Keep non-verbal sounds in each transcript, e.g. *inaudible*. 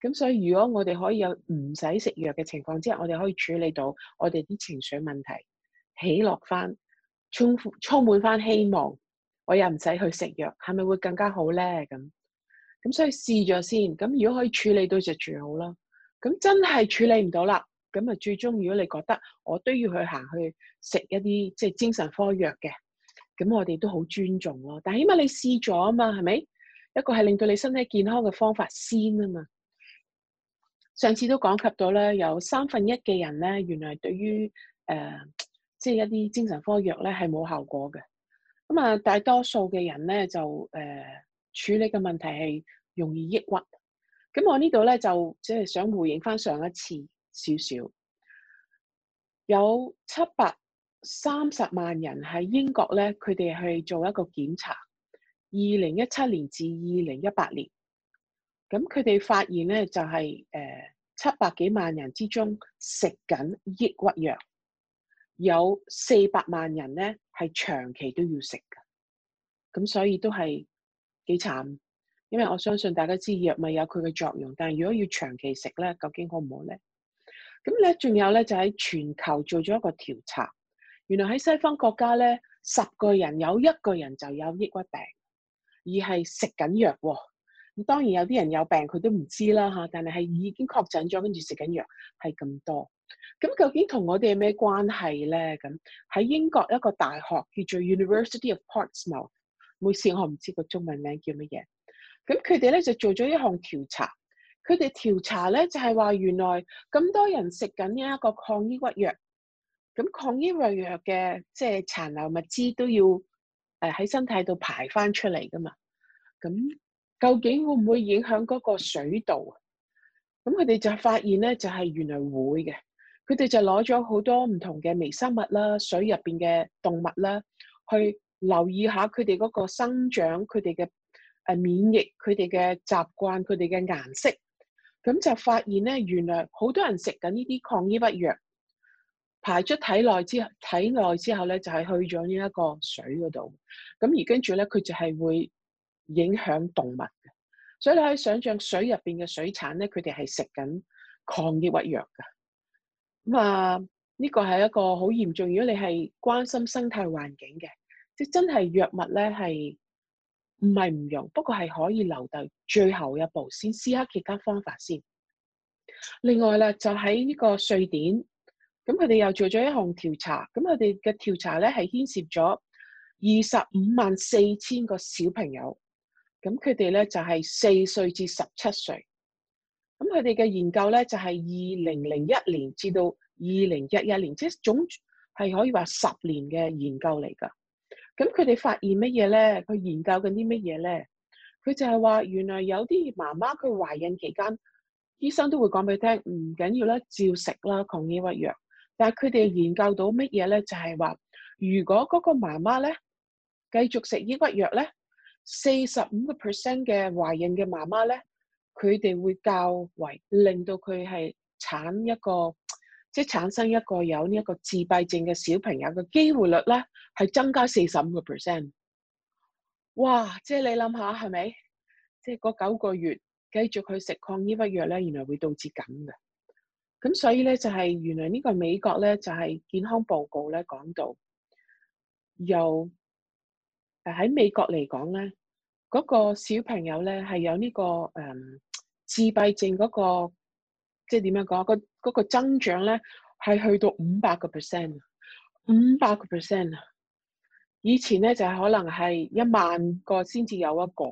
咁所以如果我哋可以有唔使食藥嘅情況之下，我哋可以處理到我哋啲情緒問題，喜樂翻，充充滿翻希望，我又唔使去食藥，係咪會更加好咧？咁咁所以試咗先，咁如果可以處理到就最好啦。咁真係處理唔到啦，咁啊最終如果你覺得我都要去行去食一啲即係精神科藥嘅，咁我哋都好尊重咯。但起碼你試咗啊嘛，係咪？一個係令到你身體健康嘅方法先啊嘛。上次都講及到咧，有三分一嘅人咧，原來對於誒即係一啲精神科藥咧係冇效果嘅。咁啊，大多數嘅人咧就誒、呃、處理嘅問題係容易抑鬱。咁我呢度咧就即係、就是、想回應返上一次少少，有七百三十萬人喺英國咧，佢哋去做一個檢查，二零一七年至二零一八年。咁佢哋發現咧，就係、是、誒、呃、七百幾萬人之中食緊抑鬱藥，有四百萬人咧係長期都要食噶。咁所以都係幾慘，因為我相信大家知藥咪有佢嘅作用，但係如果要長期食咧，究竟好唔好咧？咁咧仲有咧就喺全球做咗一個調查，原來喺西方國家咧，十個人有一個人就有抑鬱病，而係食緊藥喎。當然有啲人有病佢都唔知啦嚇，但係係已經確診咗，跟住食緊藥係咁多。咁究竟同我哋有咩關係咧？咁喺英國一個大學叫做 University of Portsmouth，每次我唔知個中文名叫乜嘢。咁佢哋咧就做咗一項調查，佢哋調查咧就係話原來咁多人食緊呢一個抗抑鬱藥，咁抗抑鬱藥嘅即係殘留物資都要誒喺身體度排翻出嚟噶嘛，咁。究竟會唔會影響嗰個水道？咁佢哋就發現咧，就係、是、原來會嘅。佢哋就攞咗好多唔同嘅微生物啦、水入邊嘅動物啦，去留意下佢哋嗰個生長、佢哋嘅誒免疫、佢哋嘅習慣、佢哋嘅顏色。咁就發現咧，原來好多人食緊呢啲抗抑鬱藥，排出體內之後體內之後咧，就係、是、去咗呢一個水嗰度。咁而跟住咧，佢就係會。影響動物嘅，所以你可以想象水入邊嘅水產咧，佢哋係食緊抗抑鬱藥㗎。咁、嗯、啊，呢個係一個好嚴重。如果你係關心生態環境嘅，即真係藥物咧係唔係唔用，不過係可以留到最後一步先試下其他方法先。另外啦，就喺呢個瑞典咁，佢哋又做咗一項調查。咁佢哋嘅調查咧係牽涉咗二十五萬四千個小朋友。咁佢哋咧就係四歲至十七歲，咁佢哋嘅研究咧就係二零零一年至到二零一一年，即係總係可以話十年嘅研究嚟噶。咁佢哋發現乜嘢咧？佢研究緊啲乜嘢咧？佢就係話原來有啲媽媽佢懷孕期間，醫生都會講俾佢聽唔緊要啦，照食啦抗抑鬱藥。但係佢哋研究到乜嘢咧？就係話如果嗰個媽媽咧繼續食抑鬱藥咧。四十五個 percent 嘅懷孕嘅媽媽咧，佢哋會較為令到佢係產一個，即係產生一個有呢一個自閉症嘅小朋友嘅機會率咧，係增加四十五個 percent。哇！即係你諗下，係咪？即係嗰九個月繼續去食抗抑鬱藥咧，原來會導致咁嘅。咁所以咧，就係、是、原來呢個美國咧，就係、是、健康報告咧講到，有誒喺美國嚟講咧。嗰個小朋友咧係有呢個誒、呃、自閉症嗰個，即係點樣講？個嗰個增長咧係去到五百個 percent，五百個 percent 啊！以前咧就係可能係一萬個先至有一個，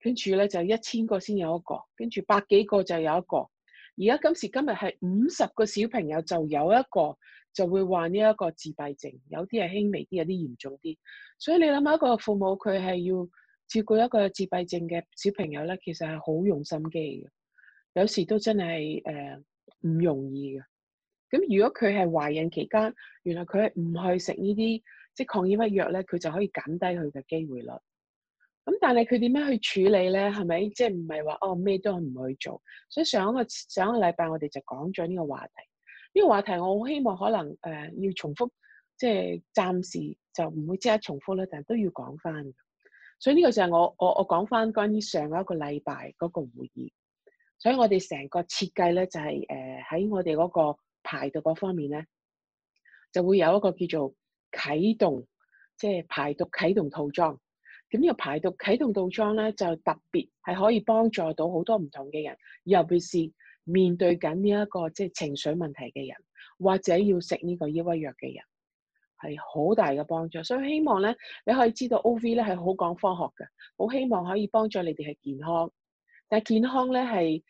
跟住咧就一千個先有一個，跟住百幾個就有一個。而家今時今日係五十個小朋友就有一個就會患呢一個自閉症，有啲係輕微啲，有啲嚴重啲。所以你諗下，一個父母佢係要？照顧一個自閉症嘅小朋友咧，其實係好用心機嘅，有時都真係誒唔容易嘅。咁如果佢係懷孕期間，原來佢係唔去食呢啲即抗抑鬱藥咧，佢就可以減低佢嘅機會率。咁但係佢點樣去處理咧？係咪即係唔係話哦咩都唔去做？所以上一個上一個禮拜我哋就講咗呢個話題。呢個話題我好希望可能誒、呃、要重複，即係暫時就唔會即刻重複啦，但係都要講翻。所以呢個就係我我我講翻關於上一個禮拜嗰個會議，所以我哋成個設計咧就係誒喺我哋嗰個排毒嗰方面咧，就會有一個叫做啟動，即係排毒啟動套裝。咁呢個排毒啟動套裝咧就特別係可以幫助到好多唔同嘅人，尤其是面對緊呢一個即係情緒問題嘅人，或者要食呢個抑鬱藥嘅人。係好大嘅幫助，所以希望咧，你可以知道 O V 咧係好講科學嘅，好希望可以幫助你哋係健康。但係健康咧係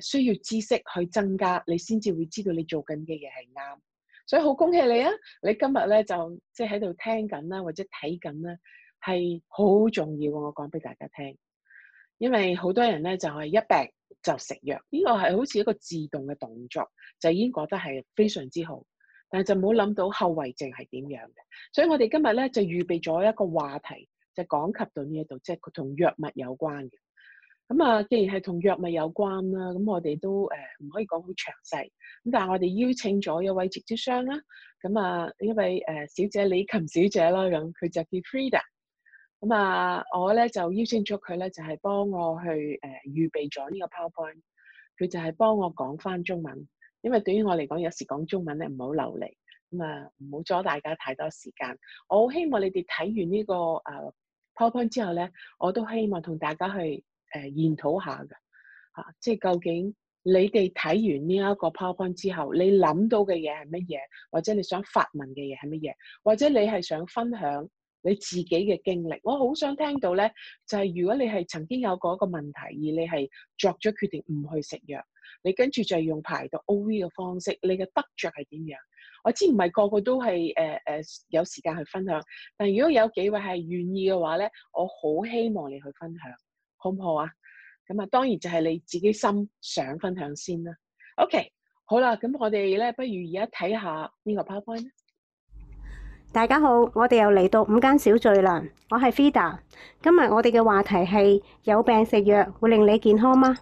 誒需要知識去增加，你先至會知道你做緊嘅嘢係啱。所以好恭喜你啊！你今日咧就即係喺度聽緊啦，或者睇緊咧，係好重要。我講俾大家聽，因為好多人咧就係一病就食藥，呢個係好似一個自動嘅動作，就已經覺得係非常之好。但係就冇諗到後遺症係點樣嘅，所以我哋今日咧就預備咗一個話題，就講及到呢一度，即係佢同藥物有關嘅。咁啊，既然係同藥物有關啦，咁我哋都誒唔、呃、可以講好詳細。咁但係我哋邀請咗一位直銷商啦，咁啊一位誒小姐李琴小姐啦，咁佢就叫 Frida。咁啊，我咧就邀請咗佢咧，就係、是、幫我去誒、呃、預備咗呢個 PowerPoint，佢就係幫我講翻中文。因為對於我嚟講，有時講中文咧唔好流利，咁啊唔好阻大家太多時間。我好希望你哋睇完呢個誒 PowerPoint 之後咧，我都希望同大家去誒、呃、研討下㗎吓、啊，即係究竟你哋睇完呢一個 PowerPoint 之後，你諗到嘅嘢係乜嘢，或者你想發問嘅嘢係乜嘢，或者你係想分享。你自己嘅經歷，我好想聽到咧，就係、是、如果你係曾經有過一個問題，而你係作咗決定唔去食藥，你跟住就係用排毒 OV 嘅方式，你嘅得着係點樣？我知唔係個個都係誒誒有時間去分享，但如果有幾位係願意嘅話咧，我好希望你去分享，好唔好啊？咁啊，當然就係你自己心想分享先啦。OK，好啦，咁我哋咧不如而家睇下呢個 PowerPoint。大家好，我哋又嚟到五間小聚啦。我係 Fida，今日我哋嘅話題係有病食藥會令你健康嗎？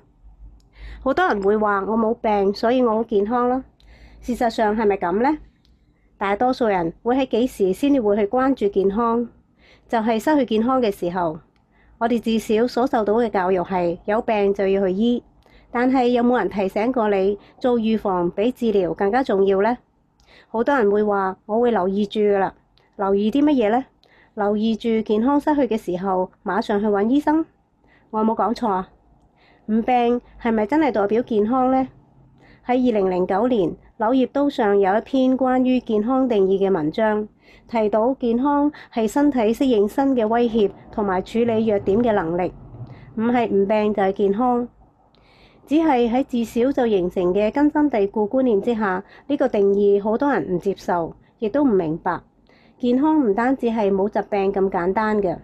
好多人會話我冇病，所以我好健康咯。事實上係咪咁咧？大多數人會喺幾時先至會去關注健康？就係失去健康嘅時候。我哋至少所受到嘅教育係有病就要去醫，但係有冇人提醒過你做預防比治療更加重要咧？好多人會話我會留意住噶啦。留意啲乜嘢咧？留意住健康失去嘅時候，馬上去揾醫生。我有冇講錯啊？唔病係咪真係代表健康咧？喺二零零九年，《柳葉刀》上有一篇關於健康定義嘅文章，提到健康係身體適應新嘅威脅同埋處理弱點嘅能力，唔係唔病就係健康。只係喺自小就形成嘅根深蒂固觀念之下，呢個定義好多人唔接受，亦都唔明白。健康唔單止係冇疾病咁簡單嘅。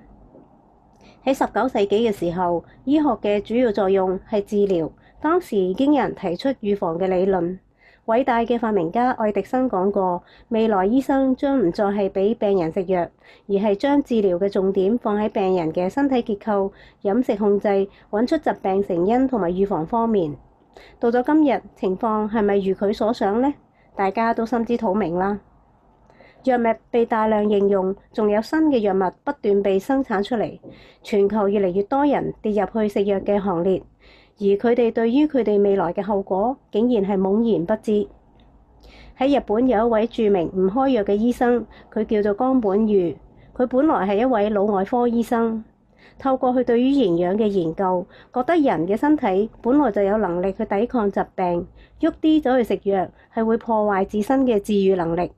喺十九世紀嘅時候，醫學嘅主要作用係治療。當時已經有人提出預防嘅理論。偉大嘅發明家愛迪生講過，未來醫生將唔再係俾病人食藥，而係將治療嘅重點放喺病人嘅身體結構、飲食控制、揾出疾病成因同埋預防方面。到咗今日，情況係咪如佢所想呢？大家都心知肚明啦。藥物被大量應用，仲有新嘅藥物不斷被生產出嚟，全球越嚟越多人跌入去食藥嘅行列，而佢哋對於佢哋未來嘅後果竟然係懵然不知。喺日本有一位著名唔開藥嘅醫生，佢叫做江本裕，佢本來係一位腦外科醫生，透過佢對於營養嘅研究，覺得人嘅身體本來就有能力去抵抗疾病，喐啲走去食藥，係會破壞自身嘅治愈能力。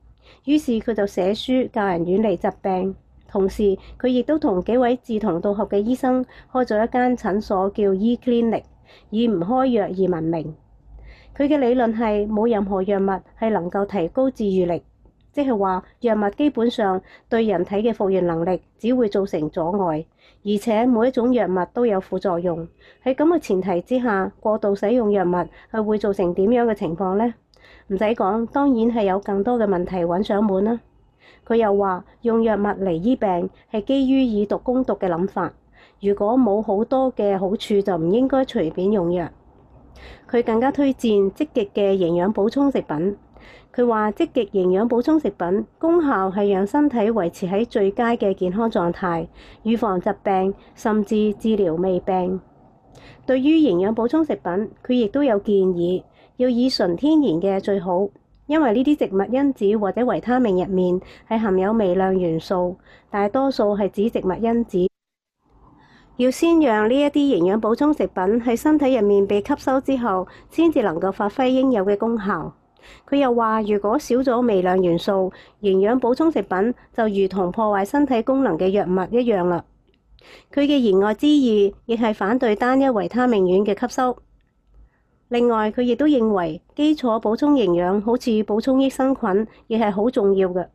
於是佢就寫書教人遠離疾病，同時佢亦都同幾位志同道合嘅醫生開咗一間診所叫，e，叫 Eclinic，以唔開藥而聞名。佢嘅理論係冇任何藥物係能夠提高治愈力，即係話藥物基本上對人體嘅復原能力只會造成阻礙，而且每一種藥物都有副作用。喺咁嘅前提之下，過度使用藥物係會造成點樣嘅情況呢？唔使講，當然係有更多嘅問題揾上門啦。佢又話用藥物嚟醫病係基於以毒攻毒嘅諗法，如果冇好多嘅好處，就唔應該隨便用藥。佢更加推薦積極嘅營養補充食品。佢話積極營養補充食品功效係讓身體維持喺最佳嘅健康狀態，預防疾病，甚至治療未病。對於營養補充食品，佢亦都有建議。要以純天然嘅最好，因為呢啲植物因子或者維他命入面係含有微量元素，大多數係指植物因子。要先讓呢一啲營養補充食品喺身體入面被吸收之後，先至能夠發揮應有嘅功效。佢又話，如果少咗微量元素，營養補充食品就如同破壞身體功能嘅藥物一樣啦。佢嘅言外之意，亦係反對單一維他命丸嘅吸收。另外，佢亦都認為基礎補充營養，好似補充益生菌，亦係好重要嘅。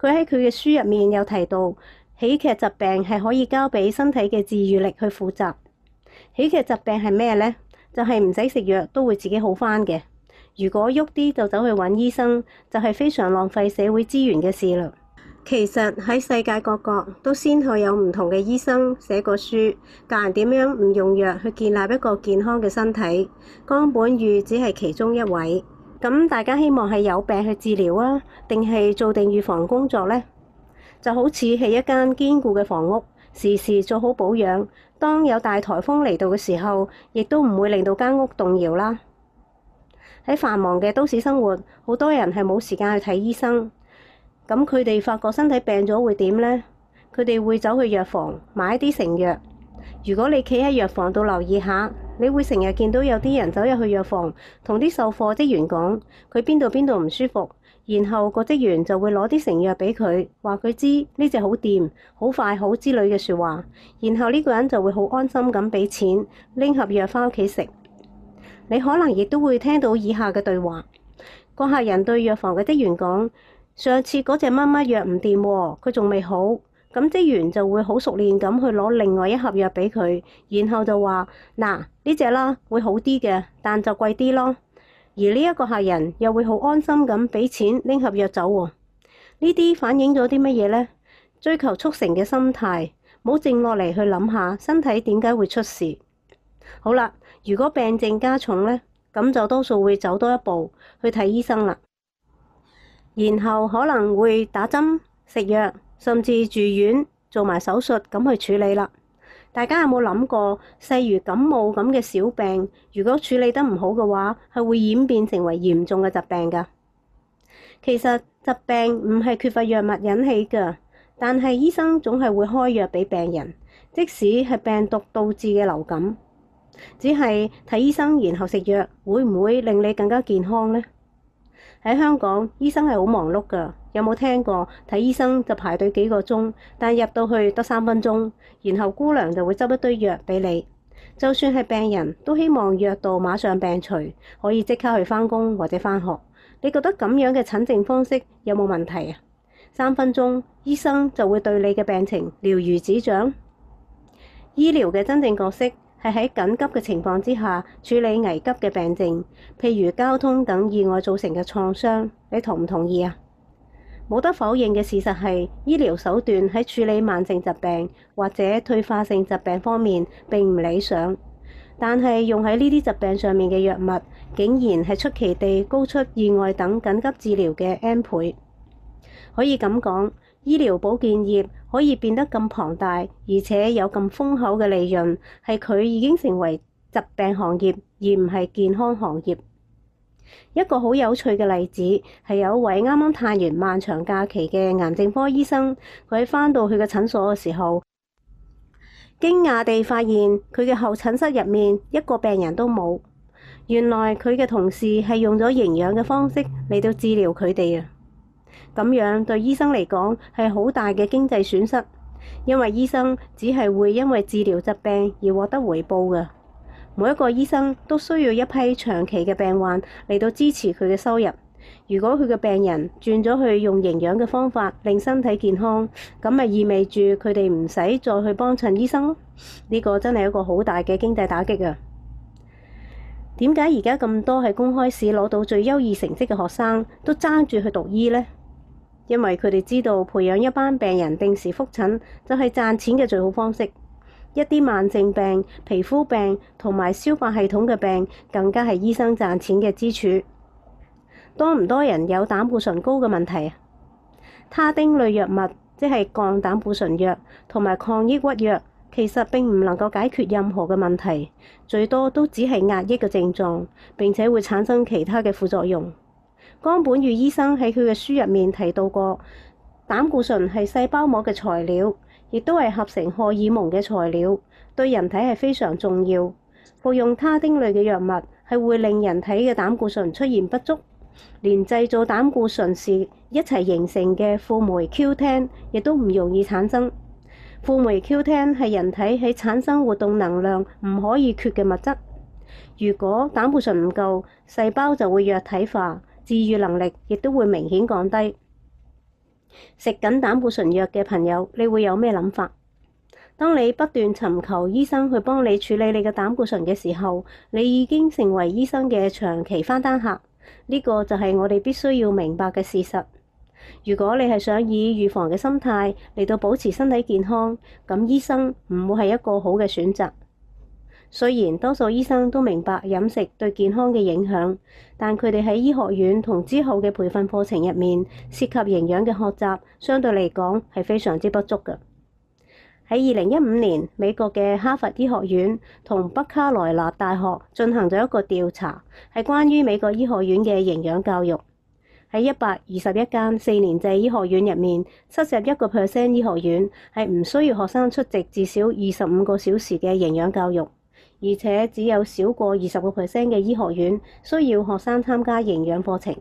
佢喺佢嘅書入面有提到，喜劇疾病係可以交俾身體嘅自愈力去負責。喜劇疾病係咩咧？就係唔使食藥都會自己好翻嘅。如果喐啲就走去揾醫生，就係非常浪費社會資源嘅事啦。其實喺世界各國都先後有唔同嘅醫生寫過書，教人點樣唔用藥去建立一個健康嘅身體。江本宇只係其中一位。咁大家希望係有病去治療啊，定係做定預防工作呢？就好似係一間堅固嘅房屋，時時做好保養，當有大颱風嚟到嘅時候，亦都唔會令到間屋動搖啦。喺繁忙嘅都市生活，好多人係冇時間去睇醫生。咁佢哋發覺身體病咗會點呢？佢哋會走去藥房買啲成藥。如果你企喺藥房度留意下，你會成日見到有啲人走入去藥房，同啲售貨職員講佢邊度邊度唔舒服，然後個職員就會攞啲成藥畀佢，話佢知呢隻好掂、好快好之類嘅説話，然後呢個人就會好安心咁畀錢拎盒藥返屋企食。你可能亦都會聽到以下嘅對話：個客人對藥房嘅職員講。上次嗰隻媽媽藥唔掂，佢仲未好，咁職員就會好熟練咁去攞另外一盒藥畀佢，然後就話嗱，呢隻啦會好啲嘅，但就貴啲咯。而呢一個客人又會好安心咁畀錢拎盒藥走喎、哦。呢啲反映咗啲乜嘢咧？追求速成嘅心態，冇靜落嚟去諗下身體點解會出事。好啦，如果病症加重咧，咁就多數會走多一步去睇醫生啦。然後可能會打針、食藥，甚至住院做埋手術咁去處理啦。大家有冇諗過，細如感冒咁嘅小病，如果處理得唔好嘅話，係會演變成為嚴重嘅疾病噶。其實疾病唔係缺乏藥物引起噶，但係醫生總係會開藥畀病人，即使係病毒導致嘅流感。只係睇醫生，然後食藥，會唔會令你更加健康咧？喺香港，醫生係好忙碌㗎，有冇聽過睇醫生就排隊幾個鐘，但入到去得三分鐘，然後姑娘就會執一堆藥畀你。就算係病人都希望藥到馬上病除，可以即刻去返工或者返學。你覺得咁樣嘅診症方式有冇問題啊？三分鐘，醫生就會對你嘅病情了如指掌。醫療嘅真正角色？係喺緊急嘅情況之下處理危急嘅病症，譬如交通等意外造成嘅創傷。你同唔同意啊？冇得否認嘅事實係，醫療手段喺處理慢性疾病或者退化性疾病方面並唔理想，但係用喺呢啲疾病上面嘅藥物，竟然係出奇地高出意外等緊急治療嘅 n 倍。可以咁講，醫療保健業，可以變得咁龐大，而且有咁豐厚嘅利潤，係佢已經成為疾病行業，而唔係健康行業。一個好有趣嘅例子係有一位啱啱探完漫長假期嘅癌症科醫生，佢返到佢嘅診所嘅時候，驚訝地發現佢嘅候診室入面一個病人都冇。原來佢嘅同事係用咗營養嘅方式嚟到治療佢哋啊！咁樣對醫生嚟講係好大嘅經濟損失，因為醫生只係會因為治療疾病而獲得回報嘅。每一個醫生都需要一批長期嘅病患嚟到支持佢嘅收入。如果佢嘅病人轉咗去用營養嘅方法令身體健康，咁咪意味住佢哋唔使再去幫襯醫生。呢個真係一個好大嘅經濟打擊啊！點解而家咁多喺公開試攞到最優異成績嘅學生都爭住去讀醫呢？因為佢哋知道，培養一班病人定時複診就係賺錢嘅最好方式。一啲慢性病、皮膚病同埋消化系統嘅病，更加係醫生賺錢嘅支柱。多唔多人有膽固醇高嘅問題啊？他汀類藥物即係降膽固醇藥同埋抗抑鬱藥，其實並唔能夠解決任何嘅問題，最多都只係壓抑嘅症狀，並且會產生其他嘅副作用。江本宇醫生喺佢嘅書入面提到過，膽固醇係細胞膜嘅材料，亦都係合成荷爾蒙嘅材料，對人體係非常重要。服用他汀類嘅藥物係會令人體嘅膽固醇出現不足，連製造膽固醇時一齊形成嘅輔酶 Q10 亦都唔容易產生。輔酶 Q10 係人體喺產生活動能量唔可以缺嘅物質。如果膽固醇唔夠，細胞就會弱體化。治愈能力亦都會明顯降低。食緊膽固醇藥嘅朋友，你會有咩諗法？當你不斷尋求醫生去幫你處理你嘅膽固醇嘅時候，你已經成為醫生嘅長期翻單客。呢個就係我哋必須要明白嘅事實。如果你係想以預防嘅心態嚟到保持身體健康，咁醫生唔會係一個好嘅選擇。雖然多數醫生都明白飲食對健康嘅影響，但佢哋喺醫學院同之後嘅培訓課程入面涉及營養嘅學習，相對嚟講係非常之不足嘅。喺二零一五年，美國嘅哈佛醫學院同北卡萊納大學進行咗一個調查，係關於美國醫學院嘅營養教育。喺一百二十一間四年制醫學院入面，七十一個 percent 醫學院係唔需要學生出席至少二十五個小時嘅營養教育。而且只有少過二十個 percent 嘅醫學院需要學生參加營養課程。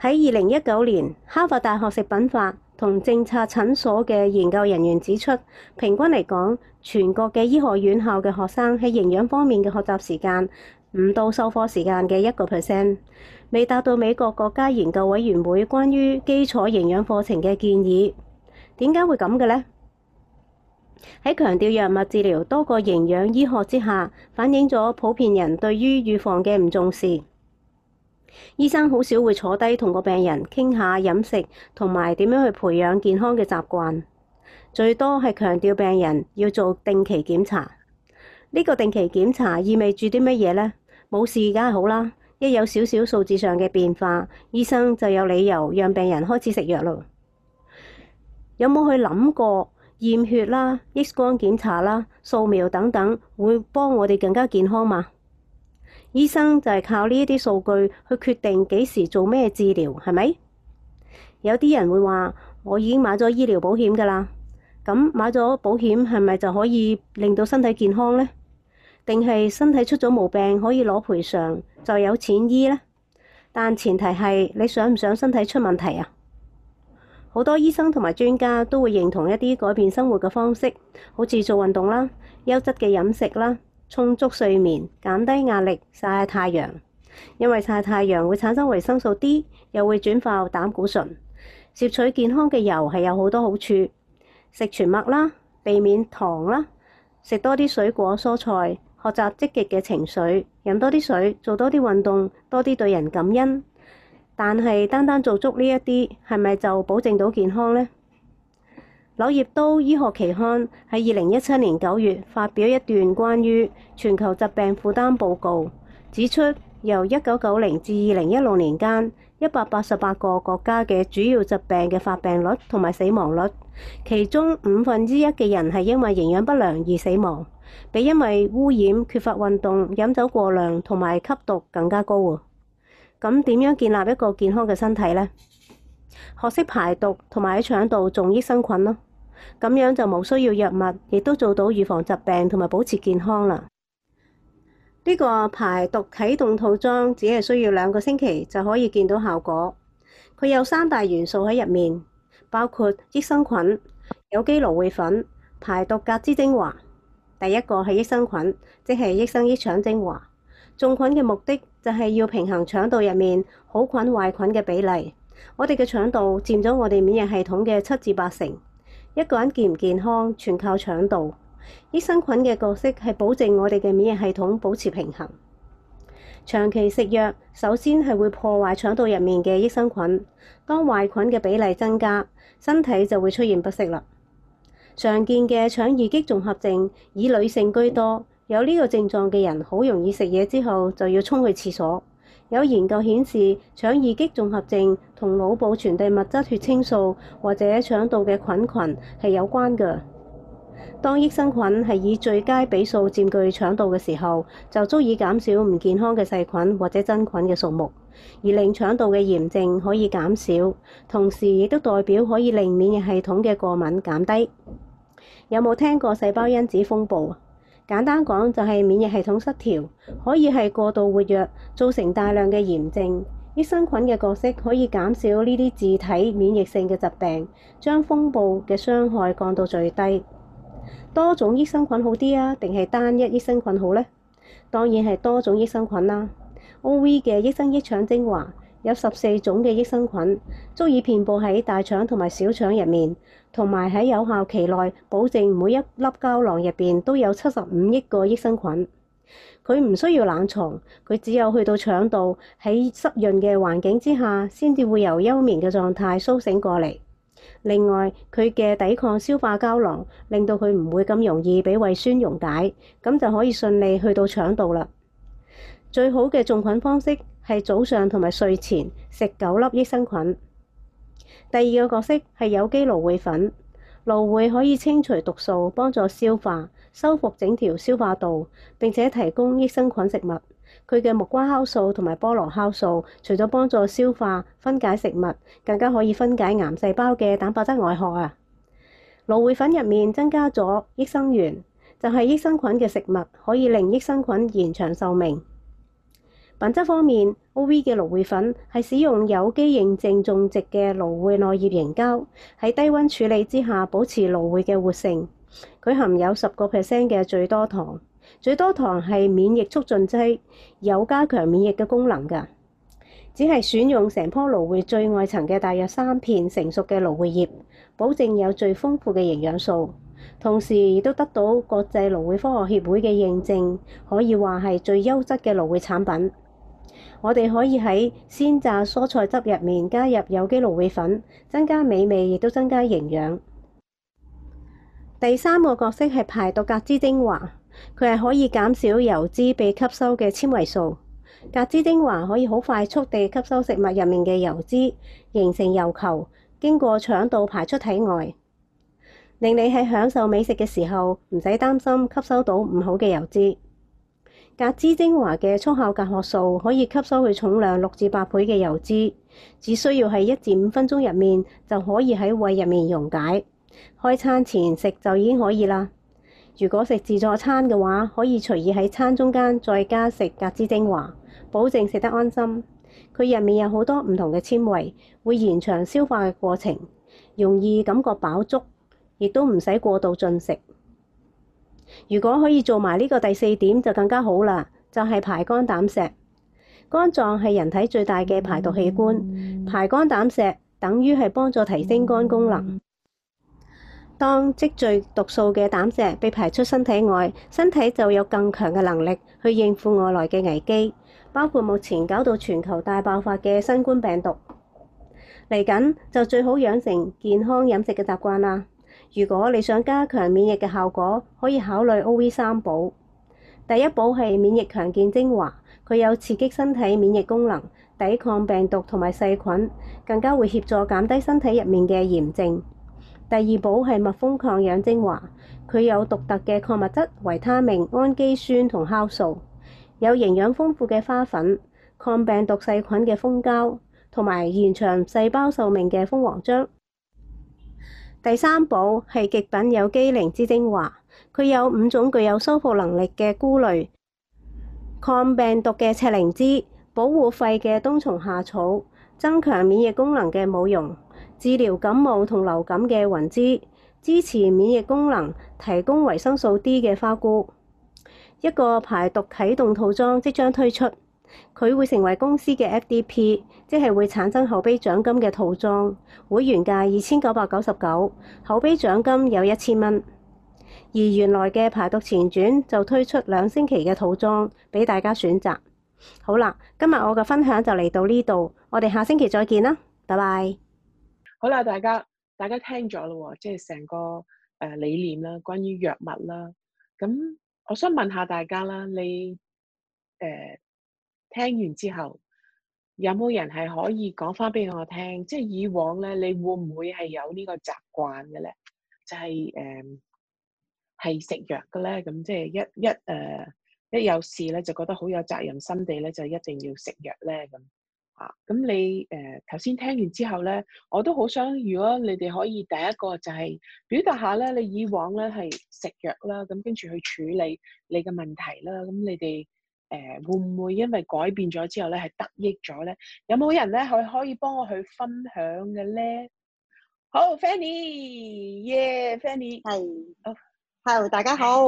喺二零一九年，哈佛大學食品法同政策診所嘅研究人員指出，平均嚟講，全國嘅醫學院校嘅學生喺營養方面嘅學習時間唔到授課時間嘅一個 percent，未達到美國國家研究委員會關於基礎營養課程嘅建議。點解會咁嘅咧？喺強調藥物治療多過營養醫學之下，反映咗普遍人對於預防嘅唔重視。醫生好少會坐低同個病人傾下飲食，同埋點樣去培養健康嘅習慣，最多係強調病人要做定期檢查。呢個定期檢查意味住啲乜嘢呢？冇事梗係好啦，一有少少數字上嘅變化，醫生就有理由讓病人開始食藥咯。有冇去諗過？驗血啦、X 光檢查啦、掃描等等，會幫我哋更加健康嘛？醫生就係靠呢一啲數據去決定幾時做咩治療，係咪？有啲人會話：「我已經買咗醫療保險㗎啦，咁買咗保險係咪就可以令到身體健康呢？定係身體出咗毛病可以攞賠償就有錢醫呢？」但前提係你想唔想身體出問題啊？好多醫生同埋專家都會認同一啲改變生活嘅方式，好似做運動啦、優質嘅飲食啦、充足睡眠、減低壓力、曬下太陽。因為曬太陽會產生維生素 D，又會轉化膽固醇。攝取健康嘅油係有好多好處。食全麥啦，避免糖啦，食多啲水果蔬菜，學習積極嘅情緒，飲多啲水，做多啲運動，多啲對人感恩。但係，單單做足呢一啲，係咪就保證到健康呢？《柳葉刀醫學期刊》喺二零一七年九月發表一段關於全球疾病負擔報告，指出由一九九零至二零一六年間，一百八十八個國家嘅主要疾病嘅發病率同埋死亡率，其中五分之一嘅人係因為營養不良而死亡，比因為污染、缺乏運動、飲酒過量同埋吸毒更加高啊！咁點樣，樣建立一個健康嘅身體呢？學識排毒同埋喺腸度種益生菌咯，咁樣就冇需要藥物，亦都做到預防疾病同埋保持健康啦。呢個排毒啟動套裝只係需要兩個星期就可以見到效果。佢有三大元素喺入面，包括益生菌、有機蘆薈粉、排毒甲之精華。第一個係益生菌，即係益生益腸精華。種菌嘅目的就係要平衡腸道入面好菌壞菌嘅比例。我哋嘅腸道佔咗我哋免疫系統嘅七至八成。一個人健唔健康，全靠腸道。益生菌嘅角色係保證我哋嘅免疫系統保持平衡。長期食藥，首先係會破壞腸道入面嘅益生菌。當壞菌嘅比例增加，身體就會出現不適啦。常見嘅腸易激綜合症，以女性居多。有呢個症狀嘅人好容易食嘢之後就要沖去廁所。有研究顯示，腸易激綜合症同腦部傳遞物質血清素或者腸道嘅菌群係有關嘅。當益生菌係以最佳比數佔據腸道嘅時候，就足以減少唔健康嘅細菌或者真菌嘅數目，而令腸道嘅炎症可以減少，同時亦都代表可以令免疫系統嘅過敏減低。有冇聽過細胞因子風暴？簡單講就係免疫系統失調，可以係過度活躍，造成大量嘅炎症。益生菌嘅角色可以減少呢啲自體免疫性嘅疾病，將風暴嘅傷害降到最低。多種益生菌好啲啊，定係單一益生菌好呢？當然係多種益生菌啦。OV 嘅益生益腸精華。有十四種嘅益生菌，足以遍佈喺大腸同埋小腸入面，同埋喺有效期內保證每一粒膠囊入邊都有七十五億個益生菌。佢唔需要冷藏，佢只有去到腸道喺濕潤嘅環境之下，先至會由休眠嘅狀態甦醒過嚟。另外，佢嘅抵抗消化膠囊令到佢唔會咁容易畀胃酸溶解，咁就可以順利去到腸道啦。最好嘅種菌方式。係早上同埋睡前食九粒益生菌。第二個角色係有機蘆薈粉，蘆薈可以清除毒素，幫助消化，修復整條消化道，並且提供益生菌食物。佢嘅木瓜酵素同埋菠蘿酵素，除咗幫助消化分解食物，更加可以分解癌細胞嘅蛋白質外殼啊！蘆薈粉入面增加咗益生元，就係益生菌嘅食物，可以令益生菌延長壽命。品質方面，O V 嘅蘆薈粉係使用有機認證種植嘅蘆薈內葉凝膠，喺低溫處理之下保持蘆薈嘅活性。佢含有十個 percent 嘅最多糖，最多糖係免疫促進劑，有加強免疫嘅功能㗎。只係選用成棵蘆薈最外層嘅大約三片成熟嘅蘆薈葉，保證有最豐富嘅營養素，同時亦都得到國際蘆薈科學協會嘅認證，可以話係最優質嘅蘆薈產品。我哋可以喺鮮榨蔬菜汁入面加入有機蘆薈粉，增加美味，亦都增加營養。第三個角色係排毒隔脂精華，佢係可以減少油脂被吸收嘅纖維素。隔脂精華可以好快速地吸收食物入面嘅油脂，形成油球，經過腸道排出體外，令你喺享受美食嘅時候唔使擔心吸收到唔好嘅油脂。格脂精華嘅速效甲殼素可以吸收佢重量六至八倍嘅油脂，只需要喺一至五分鐘入面就可以喺胃入面溶解。開餐前食就已經可以啦。如果食自助餐嘅話，可以隨意喺餐中間再加食格脂精華，保證食得安心。佢入面有好多唔同嘅纖維，會延長消化嘅過程，容易感覺飽足，亦都唔使過度進食。如果可以做埋呢個第四點就更加好啦，就係排肝膽石。肝臟係人體最大嘅排毒器官，排肝膽石等於係幫助提升肝功能。當積聚毒素嘅膽石被排出身體外，身體就有更強嘅能力去應付外來嘅危機，包括目前搞到全球大爆發嘅新冠病毒。嚟緊就最好養成健康飲食嘅習慣啦。如果你想加強免疫嘅效果，可以考慮 O V 三寶。第一寶係免疫強健精華，佢有刺激身體免疫功能、抵抗病毒同埋細菌，更加會協助減低身體入面嘅炎症。第二寶係蜜蜂抗氧精華，佢有獨特嘅礦物質、維他命、氨基酸同酵素，有營養豐富嘅花粉、抗病毒細菌嘅蜂膠，同埋延長細胞壽命嘅蜂王漿。第三寶係極品有機靈芝精華，佢有五種具有修復能力嘅菇類，抗病毒嘅赤靈芝，保護肺嘅冬蟲夏草，增強免疫功能嘅冇蓉，治療感冒同流感嘅雲芝，支持免疫功能、提供維生素 D 嘅花菇，一個排毒啟動套裝即將推出。佢會成為公司嘅 FDP，即係會產生口碑獎金嘅套裝。會員價二千九百九十九，口碑獎金有一千蚊。而原來嘅排毒前傳就推出兩星期嘅套裝俾大家選擇。好啦，今日我嘅分享就嚟到呢度，我哋下星期再見啦，拜拜。好啦，大家大家聽咗啦，即係成個誒理念啦，關於藥物啦。咁，我想問下大家啦，你誒，呃聽完之後，有冇人係可以講翻俾我聽？即係以往咧，你會唔會係有呢個習慣嘅咧？就係誒，係食藥嘅咧。咁即係一一誒，一有事咧，就覺得好有責任心地咧，就一定要食藥咧。咁啊，咁你誒，頭先聽完之後咧，我都好想，如果你哋可以第一個就係表達下咧，你以往咧係食藥啦，咁跟住去處理你嘅問題啦。咁你哋。誒，會唔會因為改變咗之後咧，係得益咗咧？有冇人咧佢可以幫我去分享嘅咧？好 Fanny、yeah, Fanny 係，hello 大家好。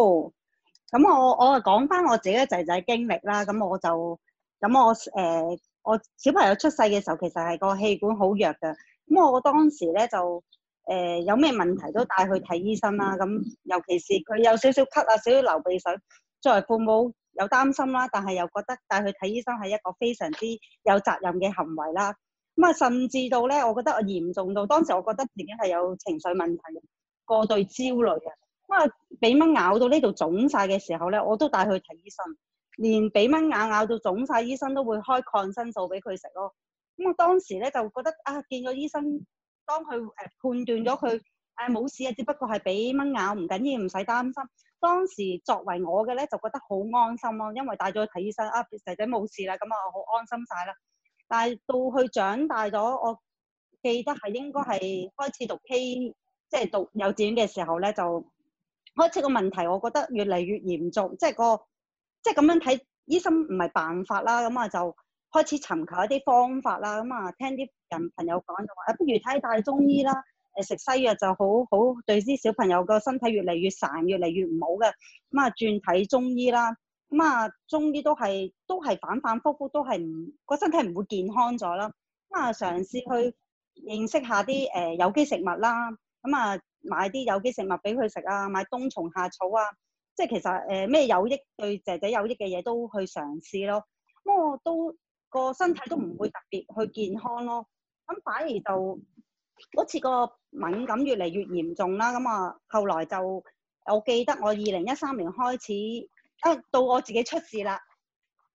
咁 Hi. 我我啊講翻我自己嘅仔仔經歷啦。咁我就咁我誒、呃，我小朋友出世嘅時候，其實係個氣管好弱噶。咁我當時咧就誒、呃，有咩問題都帶佢去睇醫生啦。咁尤其是佢有少少咳啊，少少流鼻水，作為父母。有擔心啦，但係又覺得帶去睇醫生係一個非常之有責任嘅行為啦。咁啊，甚至到咧，我覺得我嚴重到當時，我覺得自己係有情緒問題，過度焦慮啊。咁啊，俾蚊咬到呢度腫晒嘅時候咧，我都帶去睇醫生，連俾蚊咬咬到腫晒醫生都會開抗生素俾佢食咯。咁我當時咧就覺得啊，見到醫生，當佢誒判斷咗佢。但冇事啊，只不過係俾蚊咬，唔緊要，唔使擔心。當時作為我嘅咧，就覺得好安心咯，啊，因為帶咗去睇醫生，啊，仔仔冇事啦，咁啊，好安心晒啦。但係到佢長大咗，我記得係應該係開始讀 K，即係讀幼稚園嘅時候咧，就開始個問題，我覺得越嚟越嚴重，即係個即係咁樣睇醫生唔係辦法啦，咁啊就開始尋求一啲方法啦，咁啊聽啲人朋友講就話，不如睇大中醫啦。誒，食西藥就好好，對啲小朋友個身體越嚟越孱，越嚟越唔好嘅。咁啊，轉睇中醫啦。咁啊，中醫都係都係反反覆覆，都係唔個身體唔會健康咗啦。咁啊，嘗試去認識一下啲誒、呃、有機食物啦。咁啊，買啲有機食物俾佢食啊，買冬蟲夏草啊。即係其實誒咩、呃、有益對姐仔有益嘅嘢都去嘗試咯。咁我都個身體都唔會特別去健康咯。咁反而就～嗰次個敏感越嚟越嚴重啦，咁啊，後來就我記得我二零一三年開始，啊到我自己出事啦，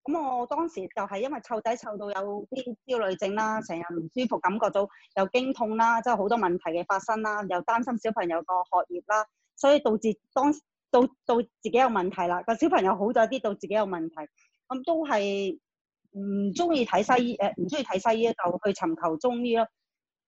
咁我當時就係因為湊仔湊到有啲焦慮症啦，成日唔舒服，感覺到又經痛啦，即係好多問題嘅發生啦，又擔心小朋友個學業啦，所以導致當到到自己有問題啦，個小朋友好咗啲，到自己有問題，咁、嗯、都係唔中意睇西醫，誒唔中意睇西醫就去尋求中醫咯。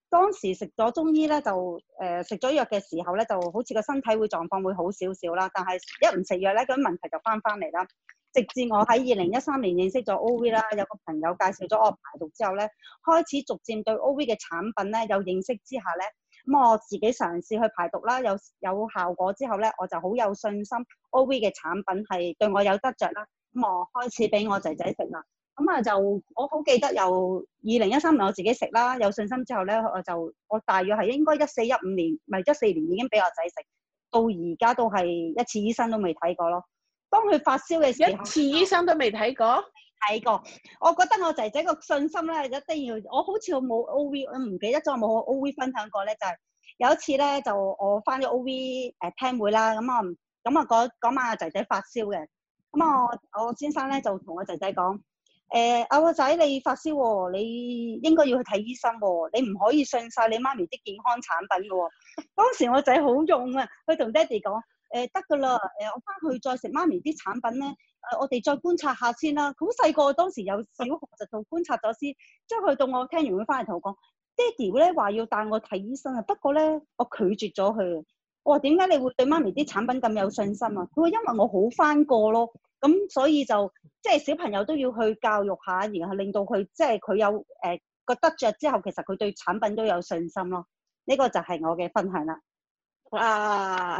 當時食咗中醫咧，就誒食咗藥嘅時候咧，就好似個身體會狀況會好少少啦。但係一唔食藥咧，咁、嗰個、問題就翻翻嚟啦。直至我喺二零一三年認識咗 O V 啦，有個朋友介紹咗我排毒之後咧，開始逐漸對 O V 嘅產品咧有認識之下咧，咁我自己嘗試去排毒啦，有有效果之後咧，我就好有信心 O V 嘅產品係對我有得着啦。咁我開始俾我仔仔食啦。咁啊，就我好記得，由二零一三年我自己食啦，有信心之後咧，我就我大約係應該一四一五年，咪一四年已經俾我仔食，到而家都係一次醫生都未睇過咯。當佢發燒嘅時候，一次醫生都未睇過，睇過。我覺得我仔仔個信心咧一定要，我好似冇 O V，我唔記得咗有冇 O V 分享過咧，就係、是、有一次咧就我返咗 O V 誒、呃、聽會啦，咁我咁啊嗰晚阿仔仔發燒嘅，咁我我先生咧就同我仔仔講，誒，阿個仔你發燒喎、哦，你應該要去睇醫生喎、哦，你唔可以信晒你媽咪啲健康產品噶、哦、喎。 *laughs* 當時我仔好勇啊，佢同爹哋講：誒得㗎啦，誒、呃、我翻去再食媽咪啲產品咧，誒、呃、我哋再觀察下先啦。好細個當時有小學就到觀察咗先，即係去到我聽完佢翻嚟同我講，爹哋咧話要帶我睇醫生啊，不過咧我拒絕咗佢，我話點解你會對媽咪啲產品咁有信心啊？佢話因為我好翻過咯。咁所以就即係小朋友都要去教育下，然後令到佢即係佢有誒個、呃、得着之後，其實佢對產品都有信心咯。呢、呢個就係我嘅分享啦。哇，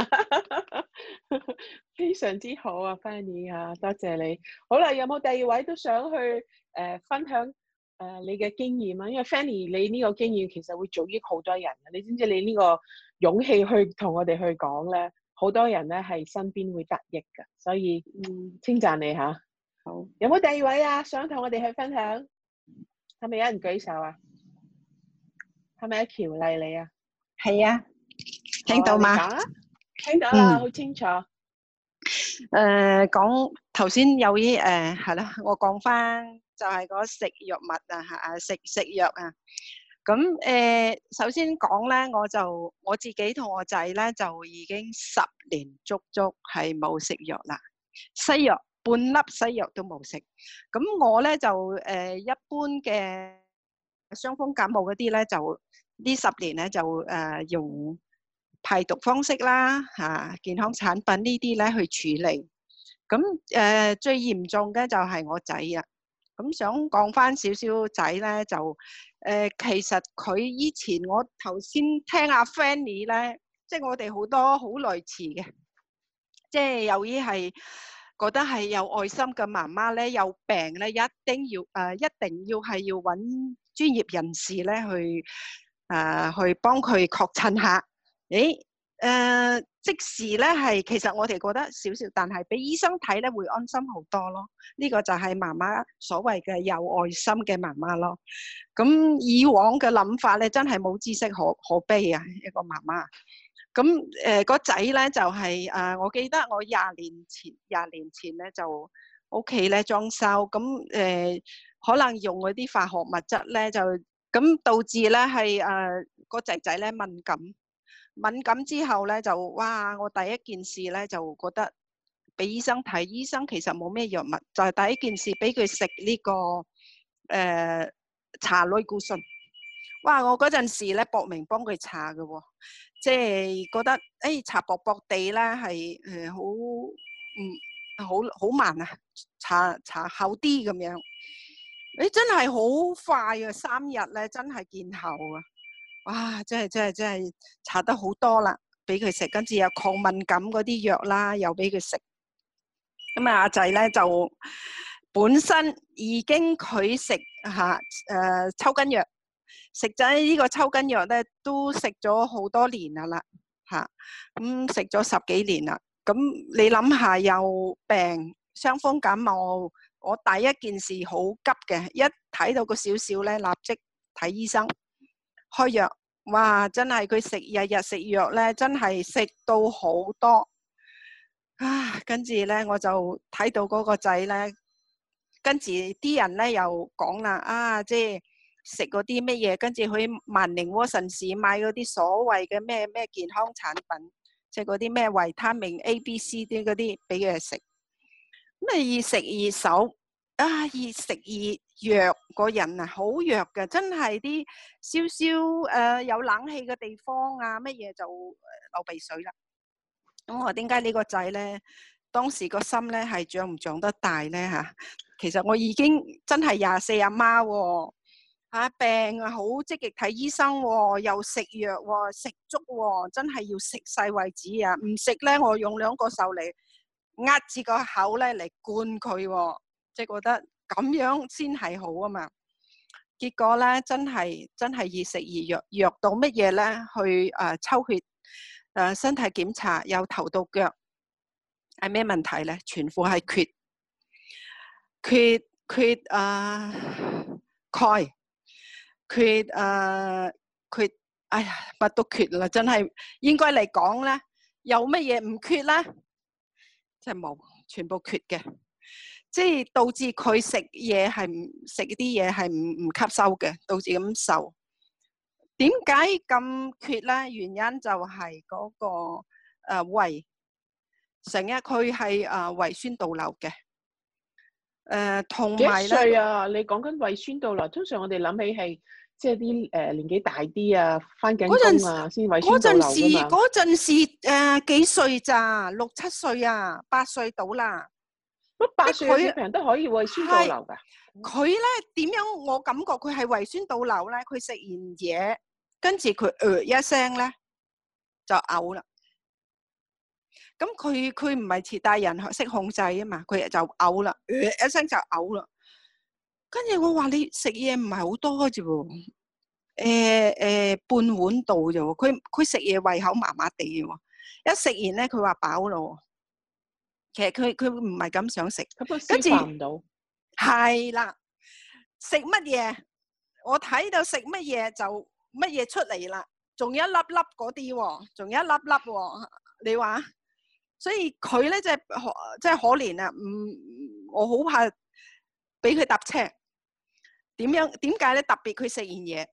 *laughs* 非常之好啊，Fanny 啊，多謝你。好啦，有冇第二位都想去誒、呃、分享誒、呃、你嘅經驗啊？因為 Fanny 你呢個經驗其實會造福好多人啊。你知唔知你呢個勇氣去同我哋去講咧？好多人咧係身邊會得益噶，所以嗯，稱讚你嚇。好，有冇第二位啊？想同我哋去分享？係咪有人舉手啊？係咪喬麗你啊？係啊，聽到嗎？聽到啊，好清楚。誒，講頭先有啲誒係啦，我講翻就係嗰食藥物啊，嚇啊，食食藥啊。咁誒、呃，首先講咧，我就我自己同我仔咧就已經十年足足係冇食藥啦，西藥半粒西藥都冇食。咁我咧就誒、呃、一般嘅傷風感冒嗰啲咧，就呢十年咧就誒、呃、用排毒方式啦嚇、啊，健康產品呢啲咧去處理。咁誒、呃、最嚴重嘅就係我仔啊！咁想講翻少少仔咧就。誒、呃，其實佢以前我頭先聽阿 Fanny 咧，即係我哋好多好類似嘅，即係由於係覺得係有愛心嘅媽媽咧，有病咧，一定要誒、呃，一定要係要搵專業人士咧去誒、呃、去幫佢確診下，誒、欸。誒，uh, 即時咧係，其實我哋覺得少少，但係俾醫生睇咧會安心好多咯。呢、呢個就係媽媽所謂嘅有愛心嘅媽媽咯。咁以往嘅諗法咧，真係冇知識可可悲啊！一個媽媽，咁誒個仔咧就係、係、誒、呃，我記得我廿年前廿年前咧就屋企咧裝修，咁誒、呃、可能用嗰啲化學物質咧就咁導致咧係誒個仔仔咧敏感。敏感之後咧，就哇！我第一件事咧就覺得俾醫生睇，醫生其實冇咩藥物，就係、是、第一件事俾佢食呢個誒、呃、搽類固醇。哇！我嗰陣時咧搏命幫佢搽嘅喎，即係、哦就是、覺得誒搽、哎、薄薄地咧係誒好唔、嗯、好好慢啊，搽搽厚啲咁樣。誒、哎、真係好快啊，三日咧真係見效啊！哇！真係真係真係搽得好多啦，俾佢食，跟住又抗敏感嗰啲藥啦，又俾佢食。咁、嗯、啊，阿仔咧就本身已經佢食吓誒抽筋藥，食咗呢個抽筋藥咧都食咗好多年啦吓，咁食咗十幾年啦。咁、嗯、你諗下又病傷風感冒，我，我第一件事好急嘅，一睇到個少少咧立即睇醫生。開藥，哇！真係佢食日日食藥咧，真係食到好多啊！跟住咧，我就睇到嗰個仔咧，跟住啲人咧又講啦，啊！即係食嗰啲乜嘢，跟住去萬寧、屈臣氏買嗰啲所謂嘅咩咩健康產品，即係嗰啲咩維他命 A、B、C、D 嗰啲，俾佢哋食，咩啊二食二手。啊！熱食熱藥，個人啊好弱嘅，真係啲燒燒誒有冷氣嘅地方啊，乜嘢就、呃、流鼻水啦。咁我點解呢個仔咧，當時個心咧係長唔長得大咧吓、啊？其實我已經真係廿四阿媽喎，病啊好積極睇醫生、啊，又食藥、啊，食粥、啊，真係要食細為止啊！唔食咧，我用兩個手嚟壓住個口咧嚟灌佢、啊。即係覺得咁樣先係好啊嘛，結果咧真係真係以食而藥，藥到乜嘢咧？去誒、呃、抽血誒、呃、身體檢查，由頭到腳係咩問題咧？全副係缺缺缺啊，鈣，缺誒缺、呃缺，呃、缺，哎呀乜都缺啦！真係應該嚟講咧，有乜嘢唔缺咧？即係冇，全部缺嘅。即係導致佢食嘢係唔食啲嘢係唔唔吸收嘅，導致咁瘦。點解咁缺咧？原因就係嗰個、呃、胃成日佢係誒胃酸倒流嘅。誒同埋幾歲啊？你講緊胃酸倒流，通常我哋諗起係即係啲誒年紀大啲啊，翻緊工啊先胃酸倒流噶嘛。嗰陣時，嗰陣時、時、時、呃、幾歲咋、啊？六七歲啊，八歲到啦。乜八歲小朋友都可以胃酸倒流噶？佢咧點樣？我感覺佢係胃酸倒流咧。佢食完嘢，跟住佢呃一聲咧就嘔啦。咁佢佢唔係似大人學識控制啊嘛？佢就嘔、呃、啦，嘢、呃、一聲就嘔、呃、啦。跟住我話你食嘢唔係好多啫喎，誒、呃、誒、呃、半碗度啫喎。佢佢食嘢胃口麻麻地嘅喎，一食完咧佢話飽啦。其實佢佢唔係咁想食，跟住係啦，食乜嘢？我睇到食乜嘢就乜嘢出嚟啦。仲有一粒粒嗰啲喎，仲有一粒粒喎、哦。你話，所以佢咧即係即係可憐啊！唔，我好怕俾佢搭車。點樣？點解咧？特別佢食完嘢，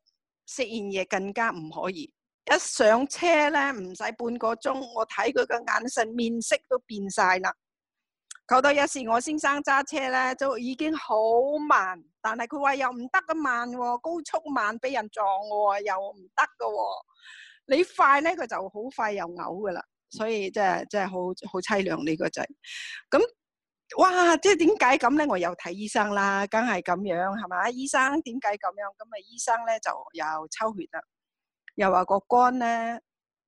食完嘢更加唔可以。一上車咧，唔使半個鐘，我睇佢個眼神、面色都變晒啦。搞到有時我先生揸車咧，就已經好慢，但係佢話又唔得咁慢喎，高速慢俾人撞喎、哦，又唔得噶。你快咧，佢就好快又嘔噶啦，所以真係真係好好凄涼你個仔。咁哇，即係點解咁咧？我又睇醫生啦，梗係咁樣係咪？醫生點解咁樣？咁啊，醫生咧就又抽血啦，又話個肝咧，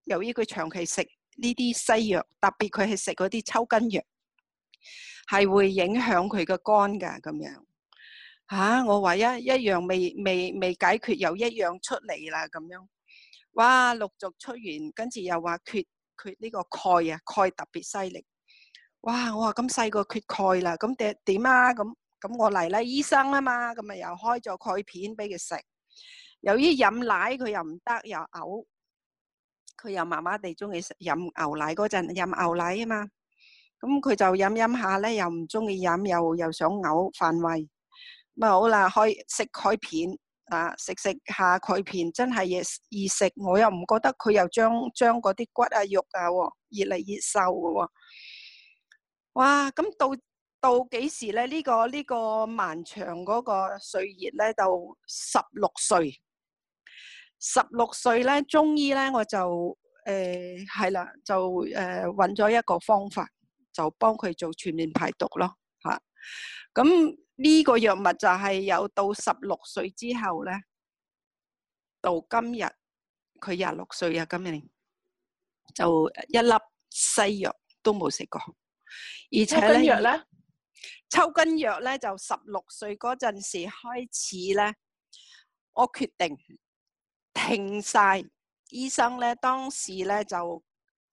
由於佢長期食呢啲西藥，特別佢係食嗰啲抽筋藥。係會影響佢個肝噶咁樣，吓、啊、我話一一樣未未未解決，又一樣出嚟啦咁樣，哇陸續出完，跟住又話缺缺呢個鈣啊，鈣特別犀利，哇我話咁細個缺鈣啦，咁點點啊，咁咁我嚟啦，醫生啊嘛，咁咪又開咗鈣片俾佢食。由於飲奶佢又唔得又嘔，佢又麻麻地中意飲牛奶，嗰陣飲牛奶啊嘛。咁佢、嗯、就飲飲下咧，又唔中意飲，又又想嘔反胃。咪好啦，開食鈣片啊，食食下鈣片真係易易食。我又唔覺得佢又將將嗰啲骨啊肉啊喎，越嚟越瘦嘅喎、啊。哇！咁到到幾時咧？這個這個、呢個呢個漫長嗰個歲月咧，就十六歲，十六歲咧，中醫咧我就誒係啦，就誒揾咗一個方法。就幫佢做全面排毒咯，吓，咁呢個藥物就係有到十六歲之後咧，到今日佢廿六歲啊，今日就一粒西藥都冇食過，而且咧，抽筋藥咧就十六歲嗰陣時開始咧，我決定停晒，醫生咧，當時咧就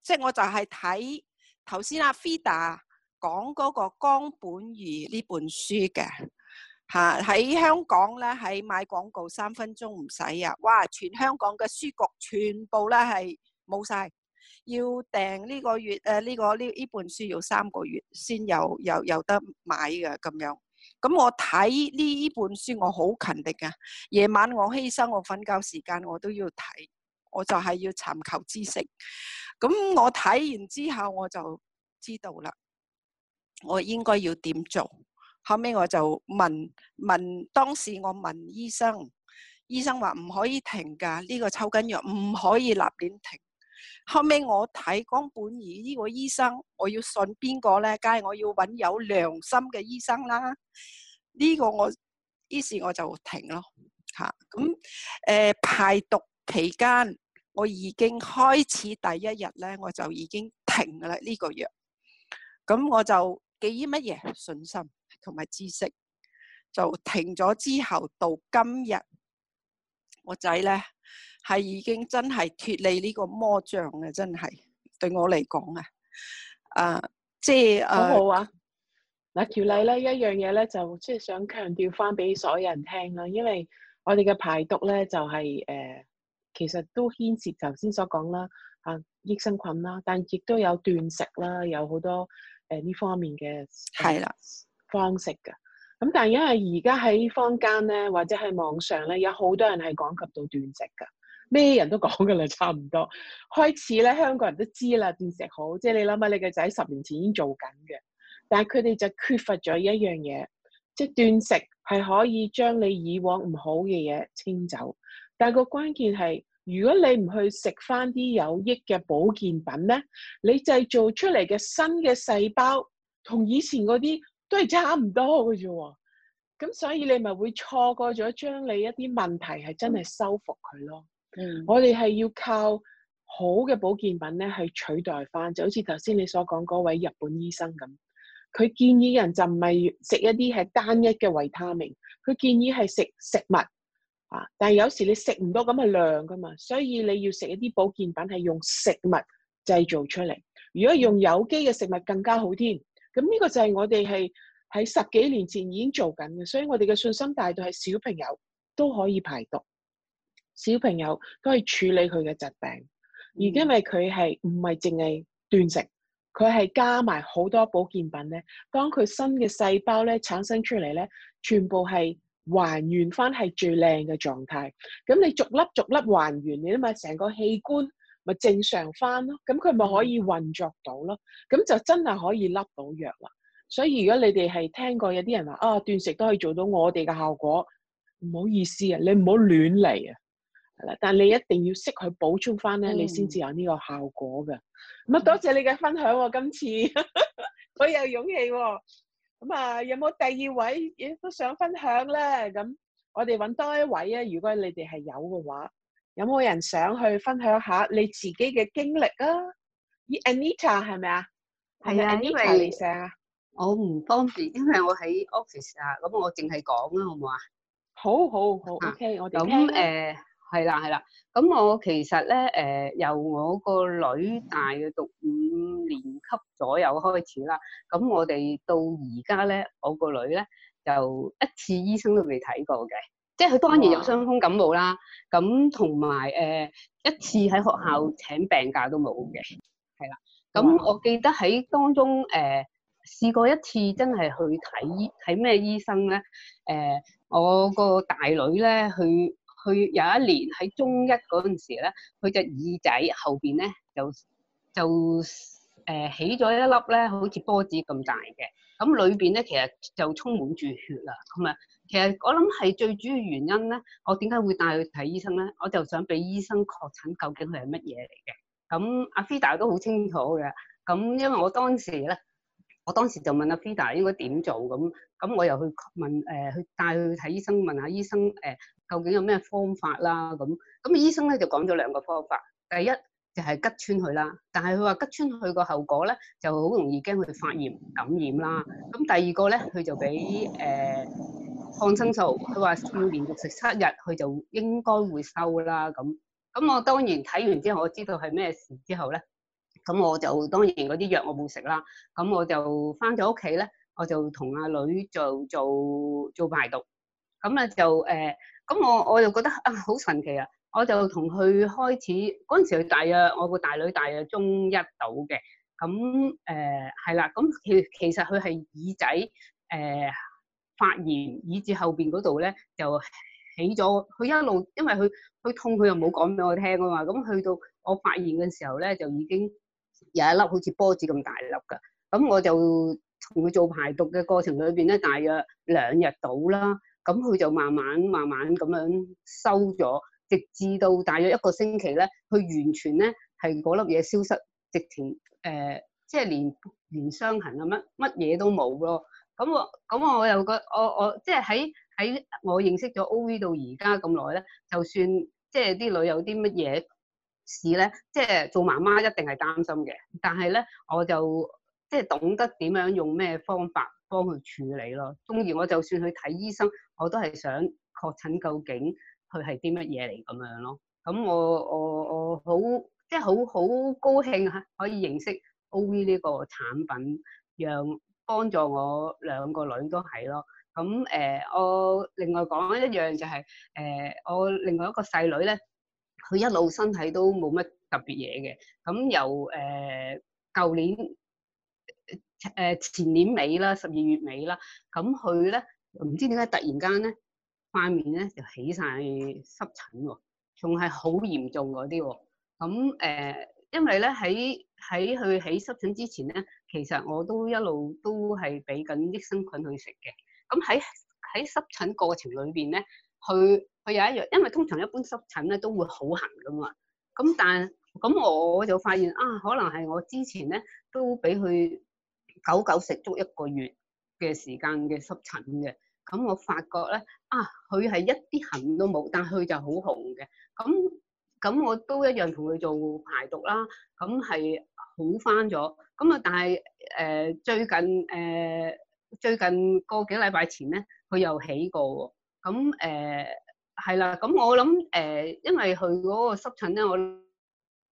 即係、就是、我就係睇。頭先阿 Fida 講嗰個江本宇呢本書嘅吓，喺香港咧，喺買廣告三分鐘唔使啊，哇！全香港嘅書局全部咧係冇晒，要訂呢個月誒呢、呃呢個呢呢本書要三個月先有有有得買嘅咁樣。咁我睇呢本書我好勤力嘅，夜晚我犧牲我瞓覺時間我都要睇。我就係要尋求知識，咁我睇完之後我就知道啦，我應該要點做。後尾我就問問當時我問醫生，醫生話唔可以停噶，呢、這個抽筋藥唔可以立亂停。後尾我睇光本二呢個醫生，我要信邊個咧？梗係我要揾有良心嘅醫生啦。呢、這個我於是我就停咯嚇。咁、啊、誒、呃、排毒期間。我已經開始第一日咧，我就已經停噶啦呢個藥。咁我就基於乜嘢信心同埋知識，就停咗之後到今日，我仔咧係已經真係脱離呢個魔障啊！真係對我嚟講啊，啊、uh, 即係啊。Uh, 好好啊！嗱，條例咧，一樣嘢咧就即係想強調翻俾所有人聽啦，因為我哋嘅排毒咧就係、是、誒。Uh, 其實都牽涉頭先所講啦，啊益生菌啦，但亦都有斷食啦，有好多誒呢、呃、方面嘅係啦方式㗎。咁但係因為而家喺坊間咧，或者喺網上咧，有好多人係講及到斷食㗎，咩人都講㗎啦，差唔多。開始咧，香港人都知啦，斷食好，即係你諗下，你個仔十年前已經做緊嘅，但係佢哋就缺乏咗一樣嘢，即係斷食係可以將你以往唔好嘅嘢清走。但係個關鍵係，如果你唔去食翻啲有益嘅保健品咧，你製造出嚟嘅新嘅細胞同以前嗰啲都係差唔多嘅啫。咁所以你咪會錯過咗將你一啲問題係真係修復佢咯。嗯。我哋係要靠好嘅保健品咧去取代翻，就好似頭先你所講嗰位日本醫生咁，佢建議人就唔係食一啲係單一嘅維他命，佢建議係食食物。但係有時你食唔到咁嘅量噶嘛，所以你要食一啲保健品係用食物製造出嚟。如果用有機嘅食物更加好添。咁呢個就係我哋係喺十幾年前已經做緊嘅，所以我哋嘅信心大到係小朋友都可以排毒，小朋友都可以處理佢嘅疾病。而因為佢係唔係淨係斷食，佢係加埋好多保健品咧。當佢新嘅細胞咧產生出嚟咧，全部係。還原翻係最靚嘅狀態，咁你逐粒逐粒還原，你咪成個器官咪正常翻咯，咁佢咪可以運作到咯，咁、嗯、就真係可以粒到藥啦。所以如果你哋係聽過有啲人話啊，斷食都可以做到我哋嘅效果，唔好意思啊，你唔好亂嚟啊，係啦，但你一定要識去補充翻咧，你先至有呢個效果㗎。咁啊、嗯、多謝你嘅分享喎、啊，今次 *laughs* 我有勇氣喎、啊。咁啊、嗯，有冇第二位亦都想分享咧？咁我哋揾多一位啊！如果你哋係有嘅話，有冇人想去分享下你自己嘅經歷啊？Anita 係咪啊？係啊，Anita，你講啊！我唔方便，因為我喺 office、okay，啊。咁我淨係講啦，好唔好啊？好好好，OK，我哋聽。係啦，係啦。咁我其實咧，誒、呃、由我個女大約讀五年級左右開始啦。咁我哋到而家咧，我個女咧就一次醫生都未睇過嘅，即係佢當然有傷風感冒啦。咁同埋誒一次喺學校請病假都冇嘅，係啦。咁我記得喺當中誒、呃、試過一次真，真係去睇睇咩醫生咧？誒、呃、我個大女咧去。佢有一年喺中一嗰陣時咧，佢隻耳仔後邊咧就就誒、呃、起咗一粒咧，好似波子咁大嘅。咁裏邊咧其實就充滿住血啦。咁啊，其實我諗係最主要原因咧，我點解會帶佢睇醫生咧？我就想俾醫生確診究竟佢係乜嘢嚟嘅。咁阿 Fida 都好清楚嘅。咁因為我當時咧，我當時就問阿 Fida 應該點做咁，咁我又去問誒，呃、帶去帶佢去睇醫生問下醫生誒。呃究竟有咩方法啦？咁咁，醫生咧就講咗兩個方法。第一就係、是、拮穿佢啦，但係佢話拮穿佢個後果咧就好容易驚佢發炎感染啦。咁第二個咧，佢就俾誒抗生素，佢話要連續食七日，佢就應該會收啦。咁咁，我當然睇完之後我知道係咩事之後咧，咁我就當然嗰啲藥我冇食啦。咁我就返咗屋企咧，我就同阿女做做做排毒。咁咧就誒。呃咁我我就覺得啊好神奇啊！我就同佢開始嗰陣時，佢大約我個大女大約中一到嘅咁誒係啦。咁、呃、其其實佢係耳仔誒、呃、發炎，耳耳後邊嗰度咧就起咗。佢一路因為佢佢痛他，佢又冇講俾我聽啊嘛。咁去到我發現嘅時候咧，就已經有一粒好似波子咁大粒㗎。咁我就同佢做排毒嘅過程裏邊咧，大約兩日到啦。咁佢就慢慢慢慢咁樣收咗，直至到大約一個星期咧，佢完全咧係嗰粒嘢消失，直情誒，即係連連傷痕咁乜乜嘢都冇咯。咁我咁我又覺我我即係喺喺我認識咗 O V 到而家咁耐咧，就算即係啲女有啲乜嘢事咧，即係做媽媽一定係擔心嘅。但係咧，我就即係懂得點樣用咩方法幫佢處理咯。當然我就算去睇醫生。我都係想確診究竟佢係啲乜嘢嚟咁樣咯。咁我我我好即係好好高興嚇，可以認識 OV 呢個產品，讓幫助我兩個女都係咯。咁誒、呃，我另外講一樣就係、是、誒、呃，我另外一個細女咧，佢一路身體都冇乜特別嘢嘅。咁由誒舊年、呃、誒前年尾啦，十二月尾啦，咁佢咧。唔知點解突然間咧，塊面咧就起晒濕疹喎，仲係好嚴重嗰啲。咁誒、呃，因為咧喺喺佢起濕疹之前咧，其實我都一路都係俾緊益生菌去食嘅。咁喺喺濕疹過程裏邊咧，佢佢有一樣，因為通常一般濕疹咧都會好痕噶嘛。咁但咁我就發現啊，可能係我之前咧都俾佢久久食足一個月嘅時間嘅濕疹嘅，咁我發覺咧，啊，佢係一啲痕都冇，但佢就好紅嘅，咁咁我都一樣同佢做排毒啦，咁係好返咗，咁啊，但係誒最近誒、呃、最近個幾禮拜前咧，佢又起過喎，咁誒係啦，咁我諗誒、呃，因為佢嗰個濕疹咧，我。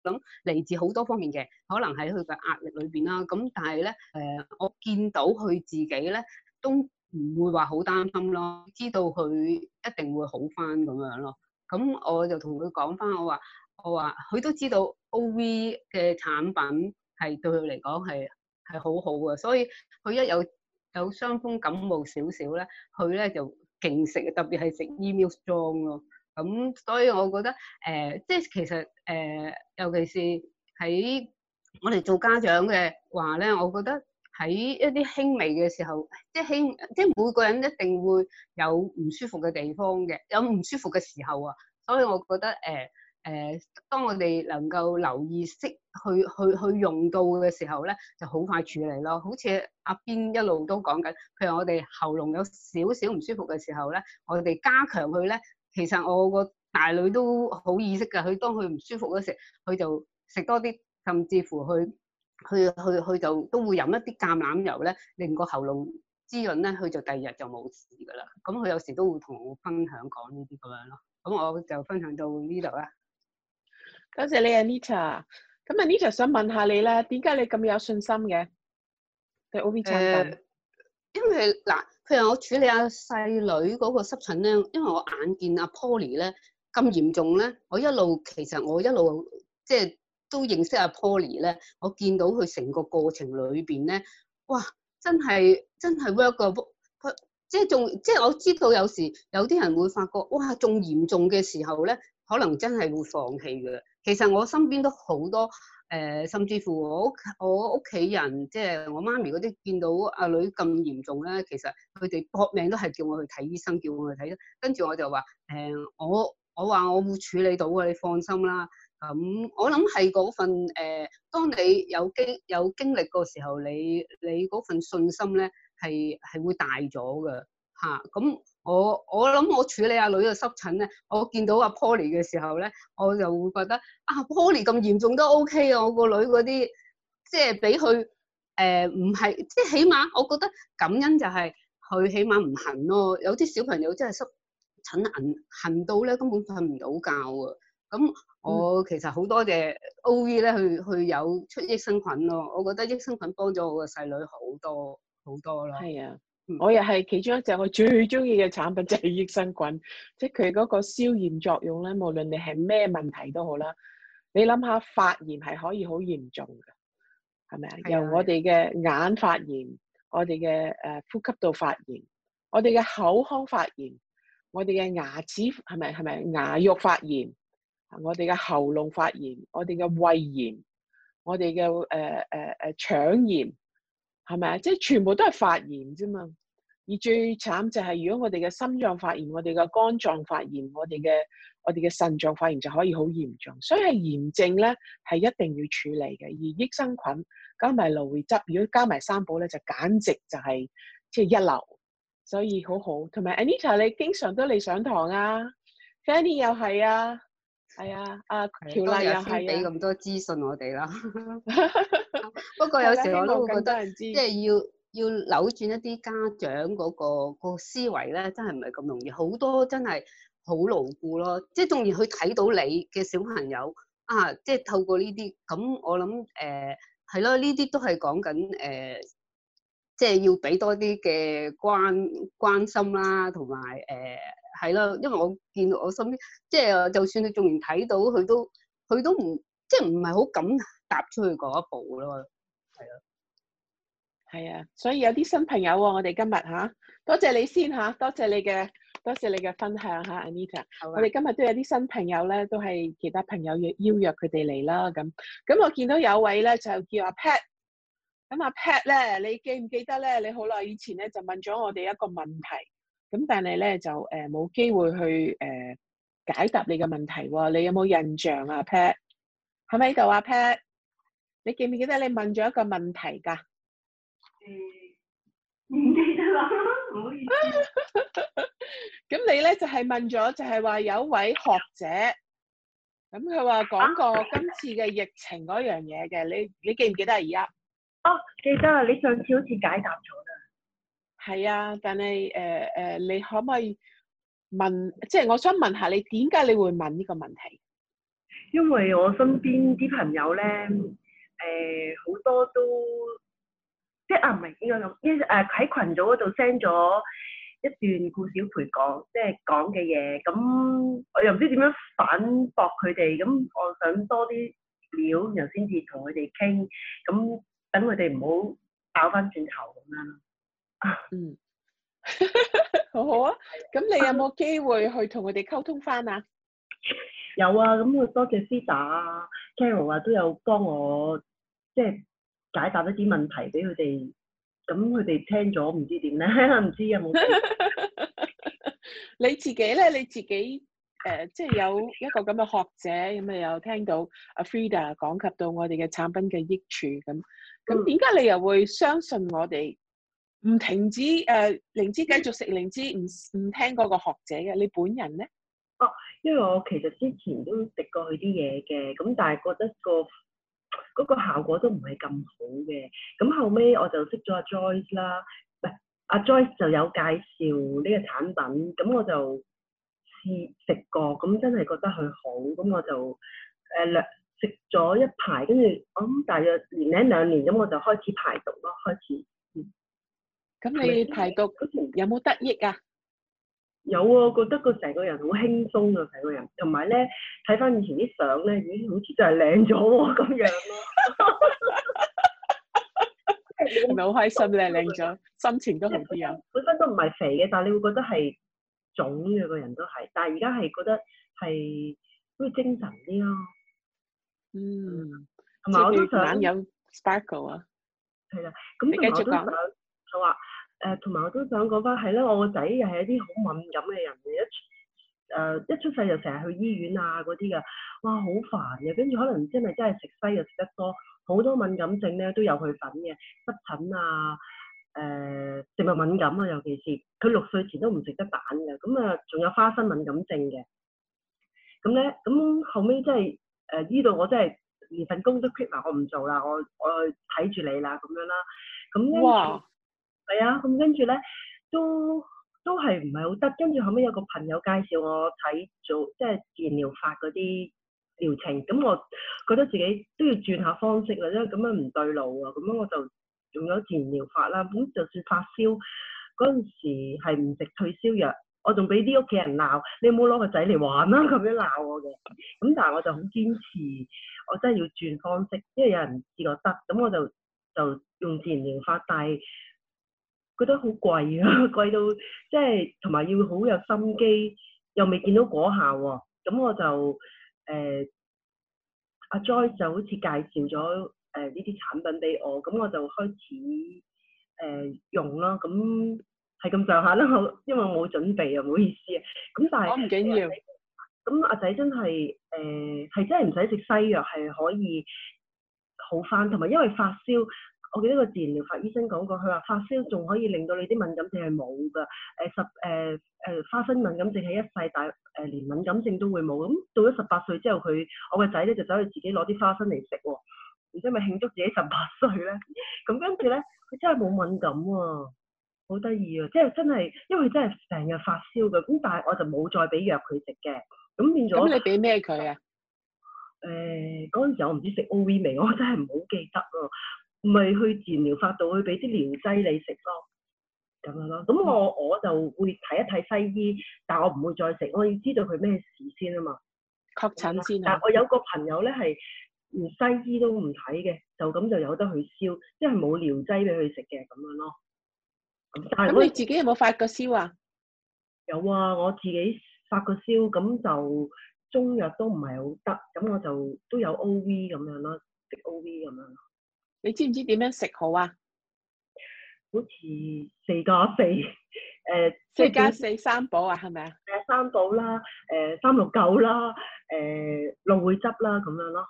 咁嚟自好多方面嘅，可能喺佢嘅壓力裏邊啦。咁但係咧，誒、呃，我見到佢自己咧都唔會話好擔心咯，知道佢一定會好翻咁樣咯。咁我就同佢講翻，我話我話佢都知道 OV 嘅產品係對佢嚟講係係好好嘅，所以佢一有有傷風感冒少少咧，佢咧就勁食，特別係食 Email Strong 咯。咁、嗯、所以我覺得誒、呃，即係其實誒、呃，尤其是喺我哋做家長嘅話咧，我覺得喺一啲輕微嘅時候，即係輕，即係每個人一定會有唔舒服嘅地方嘅，有唔舒服嘅時候啊，所以我覺得誒誒、呃呃，當我哋能夠留意識去去去用到嘅時候咧，就好快處理咯。好似阿 Ben 一路都講緊，譬如我哋喉嚨有少少唔舒服嘅時候咧，我哋加強佢咧。其實我個大女都好意識㗎，佢當佢唔舒服嗰時，佢就食多啲，甚至乎佢佢佢佢就都會飲一啲橄欖油咧，令個喉嚨滋潤咧，佢就第二日就冇事㗎啦。咁佢有時都會同我分享講呢啲咁樣咯。咁我就分享到呢度啦。多謝你啊，Anita 咁啊，Anita，想問下你咧，點解你咁有信心嘅？你 open 嘅。因為嗱。佢話我處理阿細女嗰個濕疹咧，因為我眼見阿 Poly 咧咁嚴重咧，我一路其實我一路即係都認識阿 Poly 咧，我見到佢成個過程裏邊咧，哇！真係真係 work 個 w o r 即係仲即係我知道有時有啲人會發覺，哇！仲嚴重嘅時候咧，可能真係會放棄嘅。其實我身邊都好多。誒、呃，甚至乎我屋我屋企人，即係我媽咪嗰啲，見到阿女咁嚴重咧，其實佢哋搏命都係叫我去睇醫生，叫我去睇。跟住我就話：“誒、呃，我我話我會處理到嘅，你放心啦。”咁、嗯、我諗，係嗰份誒，當你有經有經歷個時候，你你嗰份信心咧係係會大咗嘅吓。咁、啊。嗯我我諗我處理阿女嘅濕疹咧，我見到阿 Polly 嘅時候咧，我就會覺得啊，Polly 咁嚴重都 O K 啊，我個女嗰啲即係俾佢誒唔係，即係、呃、起碼我覺得感恩就係佢起碼唔痕咯。有啲小朋友真係濕疹痕痕到咧，根本瞓唔到覺啊。咁我其實好多謝 O V、e、咧，去佢有出益生菌咯，我覺得益生菌幫咗我個細女好多好多咯。係啊。我又係其中一隻我最中意嘅產品，就係益生菌，即係佢嗰個消炎作用咧。無論你係咩問題都好啦，你諗下發炎係可以好嚴重㗎，係咪啊？的由我哋嘅眼發炎，我哋嘅誒呼吸道發炎，我哋嘅口腔發炎，我哋嘅牙齒係咪係咪牙肉發炎？我哋嘅喉嚨發炎，我哋嘅胃炎，我哋嘅誒誒誒腸炎，係咪啊？即係全部都係發炎啫嘛～而最慘就係，如果我哋嘅心臟發炎，我哋嘅肝臟發炎，我哋嘅我哋嘅腎臟發炎，就可以好嚴重。所以係炎症咧，係一定要處理嘅。而益生菌加埋蘆薈汁，如果加埋三寶咧，就簡直就係即係一流。所以好好，同埋 Anita，你經常都嚟上堂啊，Fanny 又係啊，係啊，阿條麗又係啊。俾咁多資訊我哋啦。啊、 *laughs* *laughs* 不過有時候我都覺得， *laughs* *laughs* 覺得即係要。要扭轉一啲家長嗰個嗰個思維咧，真係唔係咁容易。好多真係好牢固咯，即係仲然去睇到你嘅小朋友啊，即係透過呢啲咁，我諗誒係咯，呢啲都係講緊誒，即係要俾多啲嘅關關心啦，同埋誒係咯，因為我見到我身邊即係就算你仲然睇到佢都佢都唔即係唔係好敢踏出去嗰一步咯，係啊。係啊，所以有啲新朋友喎、哦，我哋今日吓，多謝你先吓，多謝你嘅，多謝你嘅分享吓、啊、，Anita。好啊。我哋今日都有啲新朋友咧，都係其他朋友約邀約佢哋嚟啦。咁，咁我見到有位咧就叫阿 Pat，咁阿 Pat 咧，你記唔記得咧？你好耐以前咧就問咗我哋一個問題，咁但係咧就誒冇、呃、機會去誒、呃、解答你嘅問題喎、哦。你有冇印象啊？Pat，係咪呢度啊？Pat，你記唔記得你問咗一個問題噶？唔記得啦，唔、嗯、好意思。咁 *laughs* 你咧就係問咗，就係、是、話、就是、有一位學者，咁佢話講過今次嘅疫情嗰樣嘢嘅，你你記唔記得啊？而家哦記得啊，你上次好似解答咗啦。係啊，但係誒誒，你可唔可以問？即、就、係、是、我想問下你，點解你會問呢個問題？因為我身邊啲朋友咧，誒、呃、好多都。即啊，唔係點樣咁？誒喺群組嗰度 send 咗一段顧小培講，即係講嘅嘢。咁我又唔知點樣反駁佢哋。咁我想多啲料，然後先至同佢哋傾。咁等佢哋唔好跑翻轉頭咁樣。啊，嗯，好好啊。咁你有冇機會去同佢哋溝通翻啊？有啊，咁多謝 c a t e 啊、Carol 啊都有幫我，即係。解答一啲問題俾佢哋，咁佢哋聽咗唔知點咧，唔 *laughs* 知有冇？ *laughs* 你自己咧，你自己誒，即係有一個咁嘅學者咁，你又、嗯、聽到阿、啊、Frida 講及到我哋嘅產品嘅益處咁，咁點解你又會相信我哋唔停止誒、呃、靈芝繼續食靈芝，唔唔聽嗰個學者嘅？你本人咧？哦、啊，因為我其實之前都食過佢啲嘢嘅，咁但係覺得個。嗰個效果都唔係咁好嘅，咁、嗯、後尾我就識咗阿 Joyce 啦、啊，唔阿、啊、Joyce 就有介紹呢個產品，咁、嗯、我就試食過，咁、嗯、真係覺得佢好，咁、嗯、我就誒、呃、略食咗一排，跟住我諗大約年零兩年咁，我就開始排毒咯，開始。咁、嗯、你排毒嗰時有冇得益啊？有啊，覺得個成個人好輕鬆啊，成個人，同埋咧睇返以前啲相咧，咦，好似就係靚咗咁樣咯，好開心呢，靚靚咗，心情都好啲啊，本身都唔係肥嘅，但係你會覺得係腫嘅個人都係，但係而家係覺得係好似精神啲咯、啊，嗯，同埋、嗯、且我都想有 sparkle 啊，係啦，咁你繼續講，好啊。誒，同埋、呃、我都想講翻，係啦，我個仔又係一啲好敏感嘅人，一誒、呃、一出世就成日去醫院啊嗰啲噶，哇，好煩嘅、啊，跟住可能唔知真係食西藥食得多，好多敏感症咧都有佢份嘅，濕疹啊，誒、呃、食物敏感啊，尤其是佢六歲前都唔食得蛋嘅，咁啊仲有花生敏感症嘅，咁咧咁後尾真係誒呢度我真係連份工作都 quit 埋，我唔做啦，我我睇住你啦咁樣啦，咁、嗯。Wow. 係啊，咁跟住咧都都係唔係好得，跟住後尾有個朋友介紹我睇做即係自然療法嗰啲療程，咁、嗯、我覺得自己都要轉下方式啦，因為咁樣唔對路啊，咁、嗯、咁樣我就用咗自然療法啦。咁、嗯、就算發燒嗰陣時係唔食退燒藥，我仲俾啲屋企人鬧，你冇攞個仔嚟玩啦、啊，咁樣鬧我嘅。咁、嗯、但係我就好堅持，我真係要轉方式，因為有人試過得，咁、嗯、我就就用自然療法，但係。覺得好貴啊，貴到即係同埋要好有心機，又未見到果效喎。咁、嗯、我就誒阿、呃啊、Joy 就好似介紹咗誒呢啲產品俾我，咁、嗯、我就開始誒、呃、用咯。咁係咁上下啦，因為我冇準備啊，唔好意思啊。咁、嗯、但係唔緊要。咁阿仔真係誒係真係唔使食西藥係可以好返，同埋因為發燒。我記得個自然療法醫生講過，佢話發燒仲可以令到你啲敏感症係冇㗎。誒、呃、十誒誒、呃、花生敏感症係一世大，誒、呃、連敏感症都會冇。咁到咗十八歲之後，佢我個仔咧就走去自己攞啲花生嚟食喎，唔知咪慶祝自己十八歲咧。咁跟住咧，佢真係冇敏感喎，好得意啊！即係真係，因為佢真係成日發燒㗎，咁但係我就冇再俾藥佢食嘅，咁、嗯、變咗。咁你俾咩佢啊？誒嗰陣時我唔知食 O V 未，我真係唔好記得咯。咪去治療法度，去俾啲療劑你食咯，咁樣咯。咁我我就會睇一睇西醫，但係我唔會再食。我要知道佢咩事先啊嘛，確診先。但係我有個朋友咧係連西醫都唔睇嘅，就咁就有得去燒，即係冇療劑俾佢食嘅咁樣咯。咁你自己有冇發過燒啊？有啊，我自己發過燒，咁就中藥都唔係好得，咁我就都有 O V 咁樣咯，食 O V 咁樣。你知唔知點樣食好啊？好似四加四、呃，誒加、呃，四加四三寶啊，係咪啊？誒，三寶啦，誒、呃，三六九啦，誒，蘆薈汁啦，咁樣咯。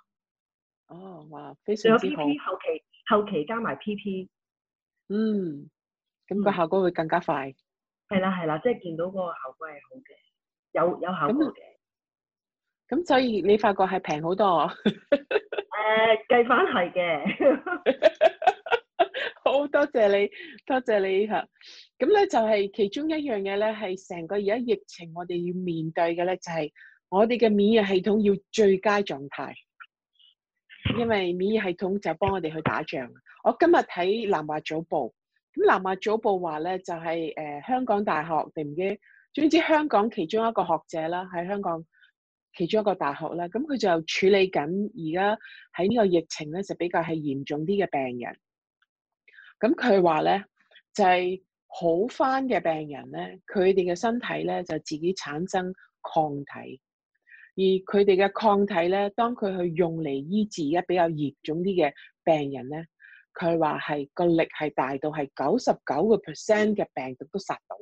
哦，哇，非常之好。仲有 PP，後期，後期加埋 P P。嗯，咁、咁個效果會更加快。係啦係啦，即係見到個效果係好嘅，有有效果嘅。咁所以你發覺係平好多。 *laughs* 誒，計翻係嘅， *laughs* *laughs* 好多謝你，多謝你吓。咁、啊、咧就係其中一樣嘢咧，係成個而家疫情我哋要面對嘅咧，就係、是、我哋嘅免疫系統要最佳狀態，因為免疫系統就幫我哋去打仗。我今日睇南華早報，咁南華早報話咧就係、是、誒、呃、香港大學定唔知，總之香港其中一個學者啦喺香港，其中一個大學啦，咁佢就處理緊而家喺呢個疫情咧，就比較係嚴重啲嘅病人。咁佢話咧，就係好返嘅病人咧，佢哋嘅身體咧就自己產生抗體，而佢哋嘅抗體咧，當佢去用嚟醫治而家比較嚴重啲嘅病人咧，佢話係個力係大到係九十九個 percent 嘅病毒都殺到。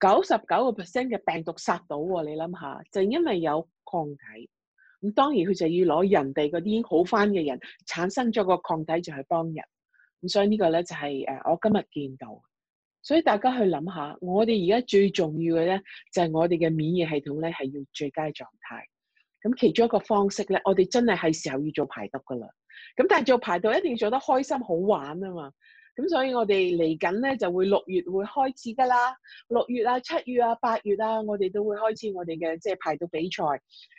九十九個 percent 嘅病毒殺到喎，你諗下，就因為有抗體。咁當然佢就要攞人哋嗰啲好返嘅人產生咗個抗體就去幫人。咁所以呢個咧就係誒我今日見到。所以大家去諗下，我哋而家最重要嘅咧就係我哋嘅免疫系統咧係要最佳狀態。咁其中一個方式咧，我哋真係係時候要做排毒噶啦。咁但係做排毒一定要做得開心好玩啊嘛～咁所以我哋嚟緊咧就會六月會開始噶啦，六月啊、七月啊、八月啊，我哋都會開始我哋嘅即係排毒比賽。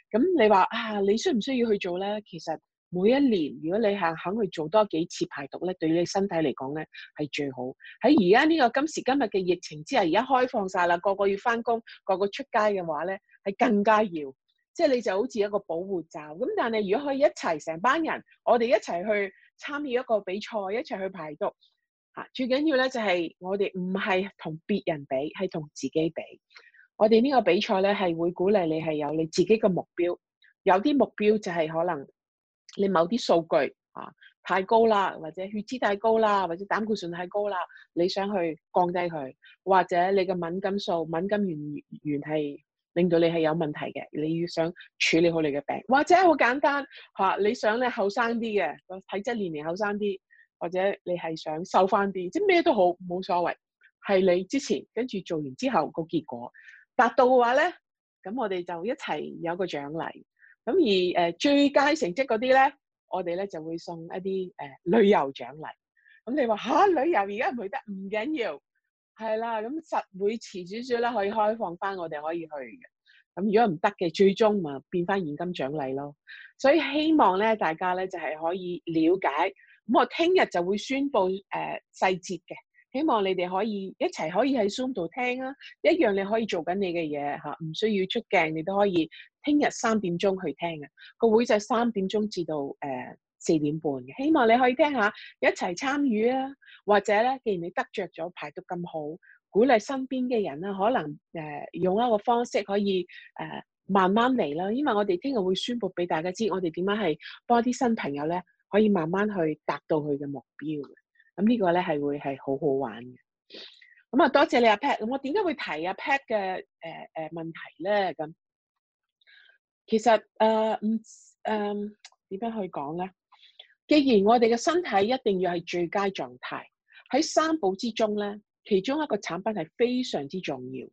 咁你話啊，你需唔需要去做咧？其實每一年如果你係肯去做多幾次排毒咧，對於你身體嚟講咧係最好。喺而家呢個今時今日嘅疫情之下，而家開放晒啦，個個要翻工，個個出街嘅話咧係更加要，即係你就好似一個保護罩。咁但係如果可以一齊成班人，我哋一齊去參與一個比賽，一齊去排毒。最緊要咧就係我哋唔係同別人比，係同自己比。我哋呢個比賽咧係會鼓勵你係有你自己嘅目標。有啲目標就係可能你某啲數據啊太高啦，或者血脂太高啦，或者膽固醇太高啦，你想去降低佢，或者你嘅敏感素、敏感原原係令到你係有問題嘅，你要想處理好你嘅病，或者好簡單吓、啊，你想咧後生啲嘅，個體質年年後生啲。或者你係想收翻啲，即係咩都好，冇所謂。係你之前跟住做完之後個結果達到嘅話咧，咁我哋就一齊有一個獎勵。咁而誒、呃、最佳成績嗰啲咧，我哋咧就會送一啲誒、呃、旅遊獎勵。咁你話吓、啊、旅遊而家唔去得唔緊要，係啦。咁實會遲少少咧可以開放翻，我哋可以去嘅。咁如果唔得嘅，最終咪變翻現金獎勵咯。所以希望咧大家咧就係、是、可以了解。咁我聽日就會宣布誒、呃、細節嘅，希望你哋可以一齊可以喺 Zoom 度聽啊，一樣你可以做緊你嘅嘢吓，唔、啊、需要出鏡你都可以聽日三點鐘去聽啊，個會就係三點鐘至到誒、呃、四點半嘅，希望你可以聽下，一齊參與啊，或者咧既然你得着咗排毒咁好，鼓勵身邊嘅人啦，可能誒、呃、用一個方式可以誒、呃、慢慢嚟啦，因為我哋聽日會宣布俾大家知，我哋點樣係幫一啲新朋友咧。可以慢慢去達到佢嘅目標，咁、嗯這個、呢個咧係會係好好玩嘅。咁、嗯、啊，多謝你阿 Pat。咁我點解會提阿 Pat 嘅誒誒問題咧？咁其實誒唔誒點樣去講咧？既然我哋嘅身體一定要係最佳狀態，喺三寶之中咧，其中一個產品係非常之重要，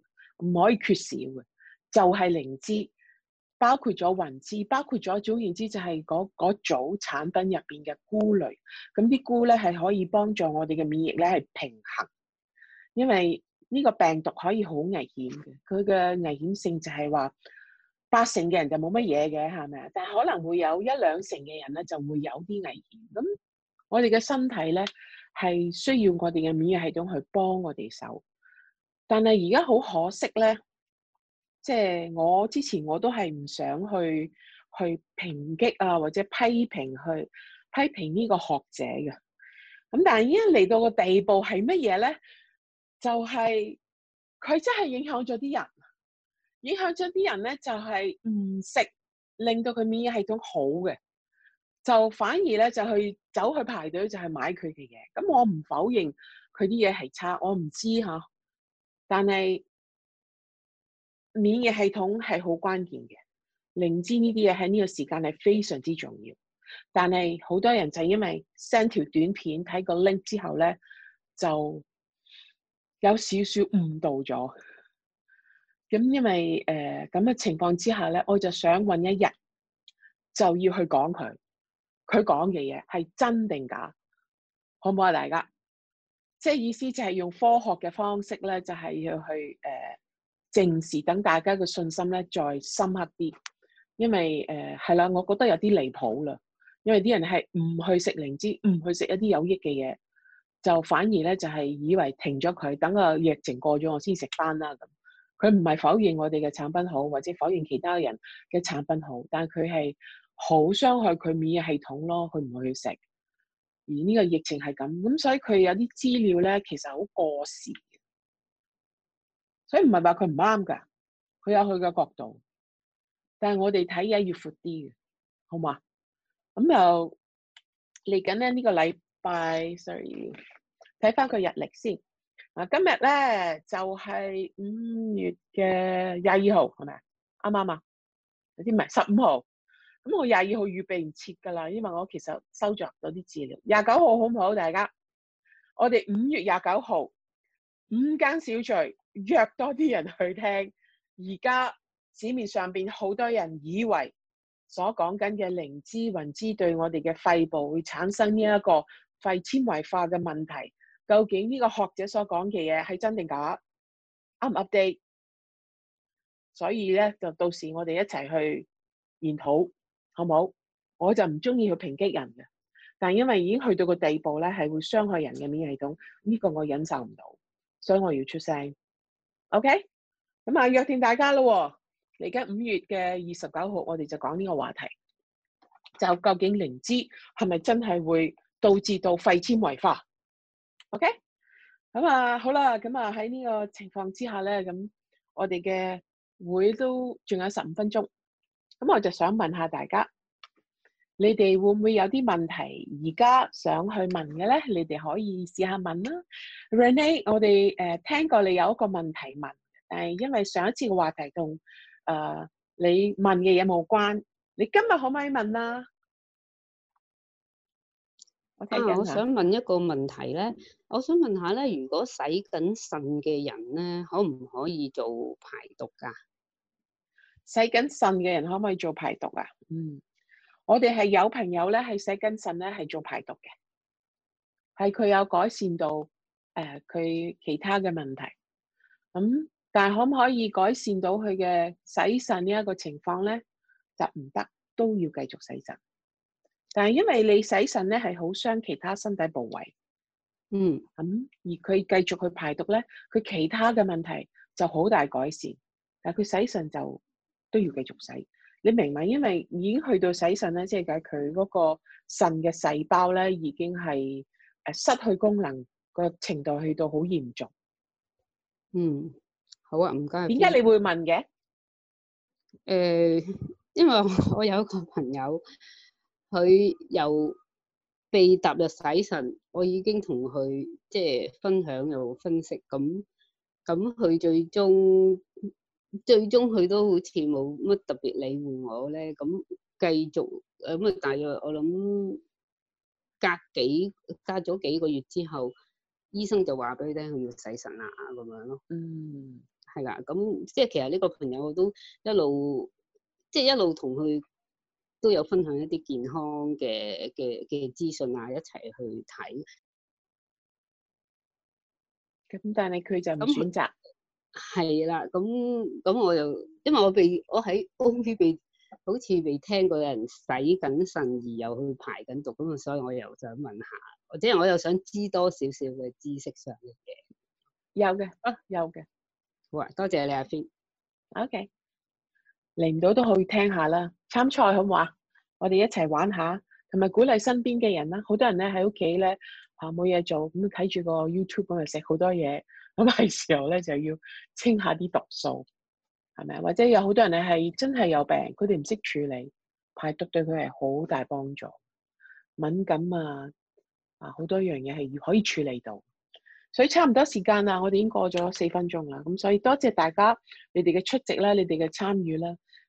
唔可以缺少嘅，就係、是、靈芝。包括咗雲芝，包括咗，總言之就係嗰嗰組產品入邊嘅菇類。咁啲菇咧係可以幫助我哋嘅免疫咧係平衡，因為呢個病毒可以好危險嘅，佢嘅危險性就係話八成嘅人就冇乜嘢嘅，係咪啊？但係可能會有一兩成嘅人咧就會有啲危險。咁我哋嘅身體咧係需要我哋嘅免疫系統去幫我哋手，但係而家好可惜咧。即係我之前我都係唔想去去抨擊啊，或者批評去批評呢個學者嘅，咁但係依家嚟到個地步係乜嘢咧？就係、是、佢真係影響咗啲人，影響咗啲人咧就係唔食，令到佢免疫系統好嘅，就反而咧就去走去排隊就係買佢嘅嘢。咁我唔否認佢啲嘢係差，我唔知吓，但係。免疫系統係好關鍵嘅，靈芝呢啲嘢喺呢個時間係非常之重要。但係好多人就因為 send 條短片睇個 link 之後咧，就有少少誤導咗。咁因為誒咁嘅情況之下咧，我就想揾一日就要去講佢，佢講嘅嘢係真定假？好唔好以、啊、大家？即係意思就係用科學嘅方式咧，就係、是、要去誒。呃正時等大家嘅信心咧再深刻啲，因為誒係啦，我覺得有啲離譜啦，因為啲人係唔去食靈芝，唔去食一啲有益嘅嘢，就反而咧就係以為停咗佢，等個疫情過咗我先食翻啦咁。佢唔係否認我哋嘅產品好，或者否認其他人嘅產品好，但係佢係好傷害佢免疫系統咯。佢唔會去食，而呢個疫情係咁，咁所以佢有啲資料咧其實好過時。所以唔係話佢唔啱噶，佢有佢嘅角度，但係我哋睇嘢要闊啲嘅，好嘛？咁又嚟緊咧呢個禮拜，sorry，睇翻佢日曆先。啊，今日咧就係五月嘅廿二號，係咪啊？啱啱啊？有啲唔係十五號，咁我廿二號預備唔切噶啦，因為我其實收集咗啲資料。廿九號好唔好？大家，我哋五月廿九號五間小聚。約多啲人去聽，而家市面上邊好多人以為所講緊嘅靈芝、雲芝對我哋嘅肺部會產生呢一個肺纖維化嘅問題，究竟呢個學者所講嘅嘢係真定假？啱唔啱地？所以咧就到時我哋一齊去研討，好唔好？我就唔中意去抨擊人嘅，但係因為已經去到個地步咧，係會傷害人嘅免疫系統，呢個我忍受唔到，所以我要出聲。OK，咁、嗯、啊約定大家咯喎、哦，嚟緊五月嘅二十九號，我哋就講呢個話題，就究竟靈芝係咪真係會導致到肺纖維化？OK，咁、嗯、啊好啦，咁啊喺呢個情況之下咧，咁我哋嘅會都仲有十五分鐘，咁我就想問下大家。你哋會唔會有啲問題而家想去問嘅咧？你哋可以試下問啦。Rene，我哋誒聽過你有一個問題問，但係因為上一次嘅話題同誒你問嘅嘢冇關，你今日可唔可以問啦？啊，我想問一個問題咧，我想問下咧，如果洗緊腎嘅人咧，可唔可以做排毒噶？洗緊腎嘅人可唔可以做排毒啊？嗯。我哋係有朋友咧，係洗緊腎咧，係做排毒嘅，係佢有改善到誒，佢、呃、其他嘅問題。咁、嗯、但係可唔可以改善到佢嘅洗腎呢一個情況咧？就唔得，都要繼續洗腎。但係因為你洗腎咧係好傷其他身體部位，嗯，咁、嗯、而佢繼續去排毒咧，佢其他嘅問題就好大改善，但係佢洗腎就都要繼續洗。你明唔明？因為已經去到洗腎咧，即係佢嗰個腎嘅細胞咧，已經係誒失去功能，個程度去到好嚴重。嗯，好啊，唔該。點解你會問嘅？誒，因為我有一個朋友，佢又被踏入洗腎，我已經同佢即係分享又分析，咁咁佢最終。最終佢都好似冇乜特別理會我咧，咁繼續誒咁啊，大約我諗隔幾隔咗幾個月之後，醫生就話俾佢聽，佢要洗腎啦咁樣咯。嗯，係啦，咁即係其實呢個朋友都一路即係一路同佢都有分享一啲健康嘅嘅嘅資訊啊，一齊去睇。咁、嗯、但係佢就唔選擇那。嗯係啦，咁咁我又，因為我被我喺屋企被好似未聽過有人洗緊腎，而又去排緊毒，咁啊，所以我又想問下，或者我又想知多少少嘅知識上嘅嘢，有嘅啊，有嘅，好啊，多謝你阿 Fit，OK，嚟唔到都可以聽下啦，參賽好唔好啊？我哋一齊玩下，同埋鼓勵身邊嘅人啦，好多人咧喺屋企咧吓冇嘢做，咁睇住個 YouTube 嗰度食好多嘢。咁係時候咧，就要清下啲毒素，係咪啊？或者有好多人咧係真係有病，佢哋唔識處理，排毒對佢係好大幫助。敏感啊，啊好多樣嘢係可以處理到。所以差唔多時間啦，我哋已經過咗四分鐘啦。咁所以多謝大家你哋嘅出席啦，你哋嘅參與啦。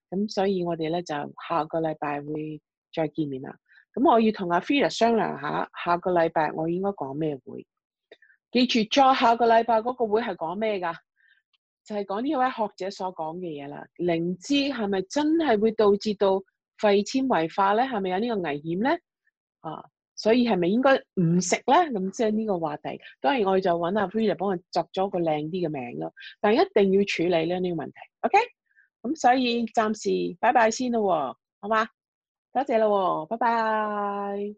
咁所以我哋咧就下個禮拜會再見面啦。咁我要同阿 Fila 商量下，下個禮拜我應該講咩會。你住，再下個禮拜嗰個會係講咩噶？就係講呢位學者所講嘅嘢啦。靈芝係咪真係會導致到肺纖維化咧？係咪有呢個危險咧？啊，所以係咪應該唔食咧？咁即係呢個話題。當然，我哋就揾阿 Freya 幫我作咗個靚啲嘅名咯。但係一定要處理咧呢個問題。OK，咁所以暫時拜拜先咯，好嘛？多謝咯，拜拜。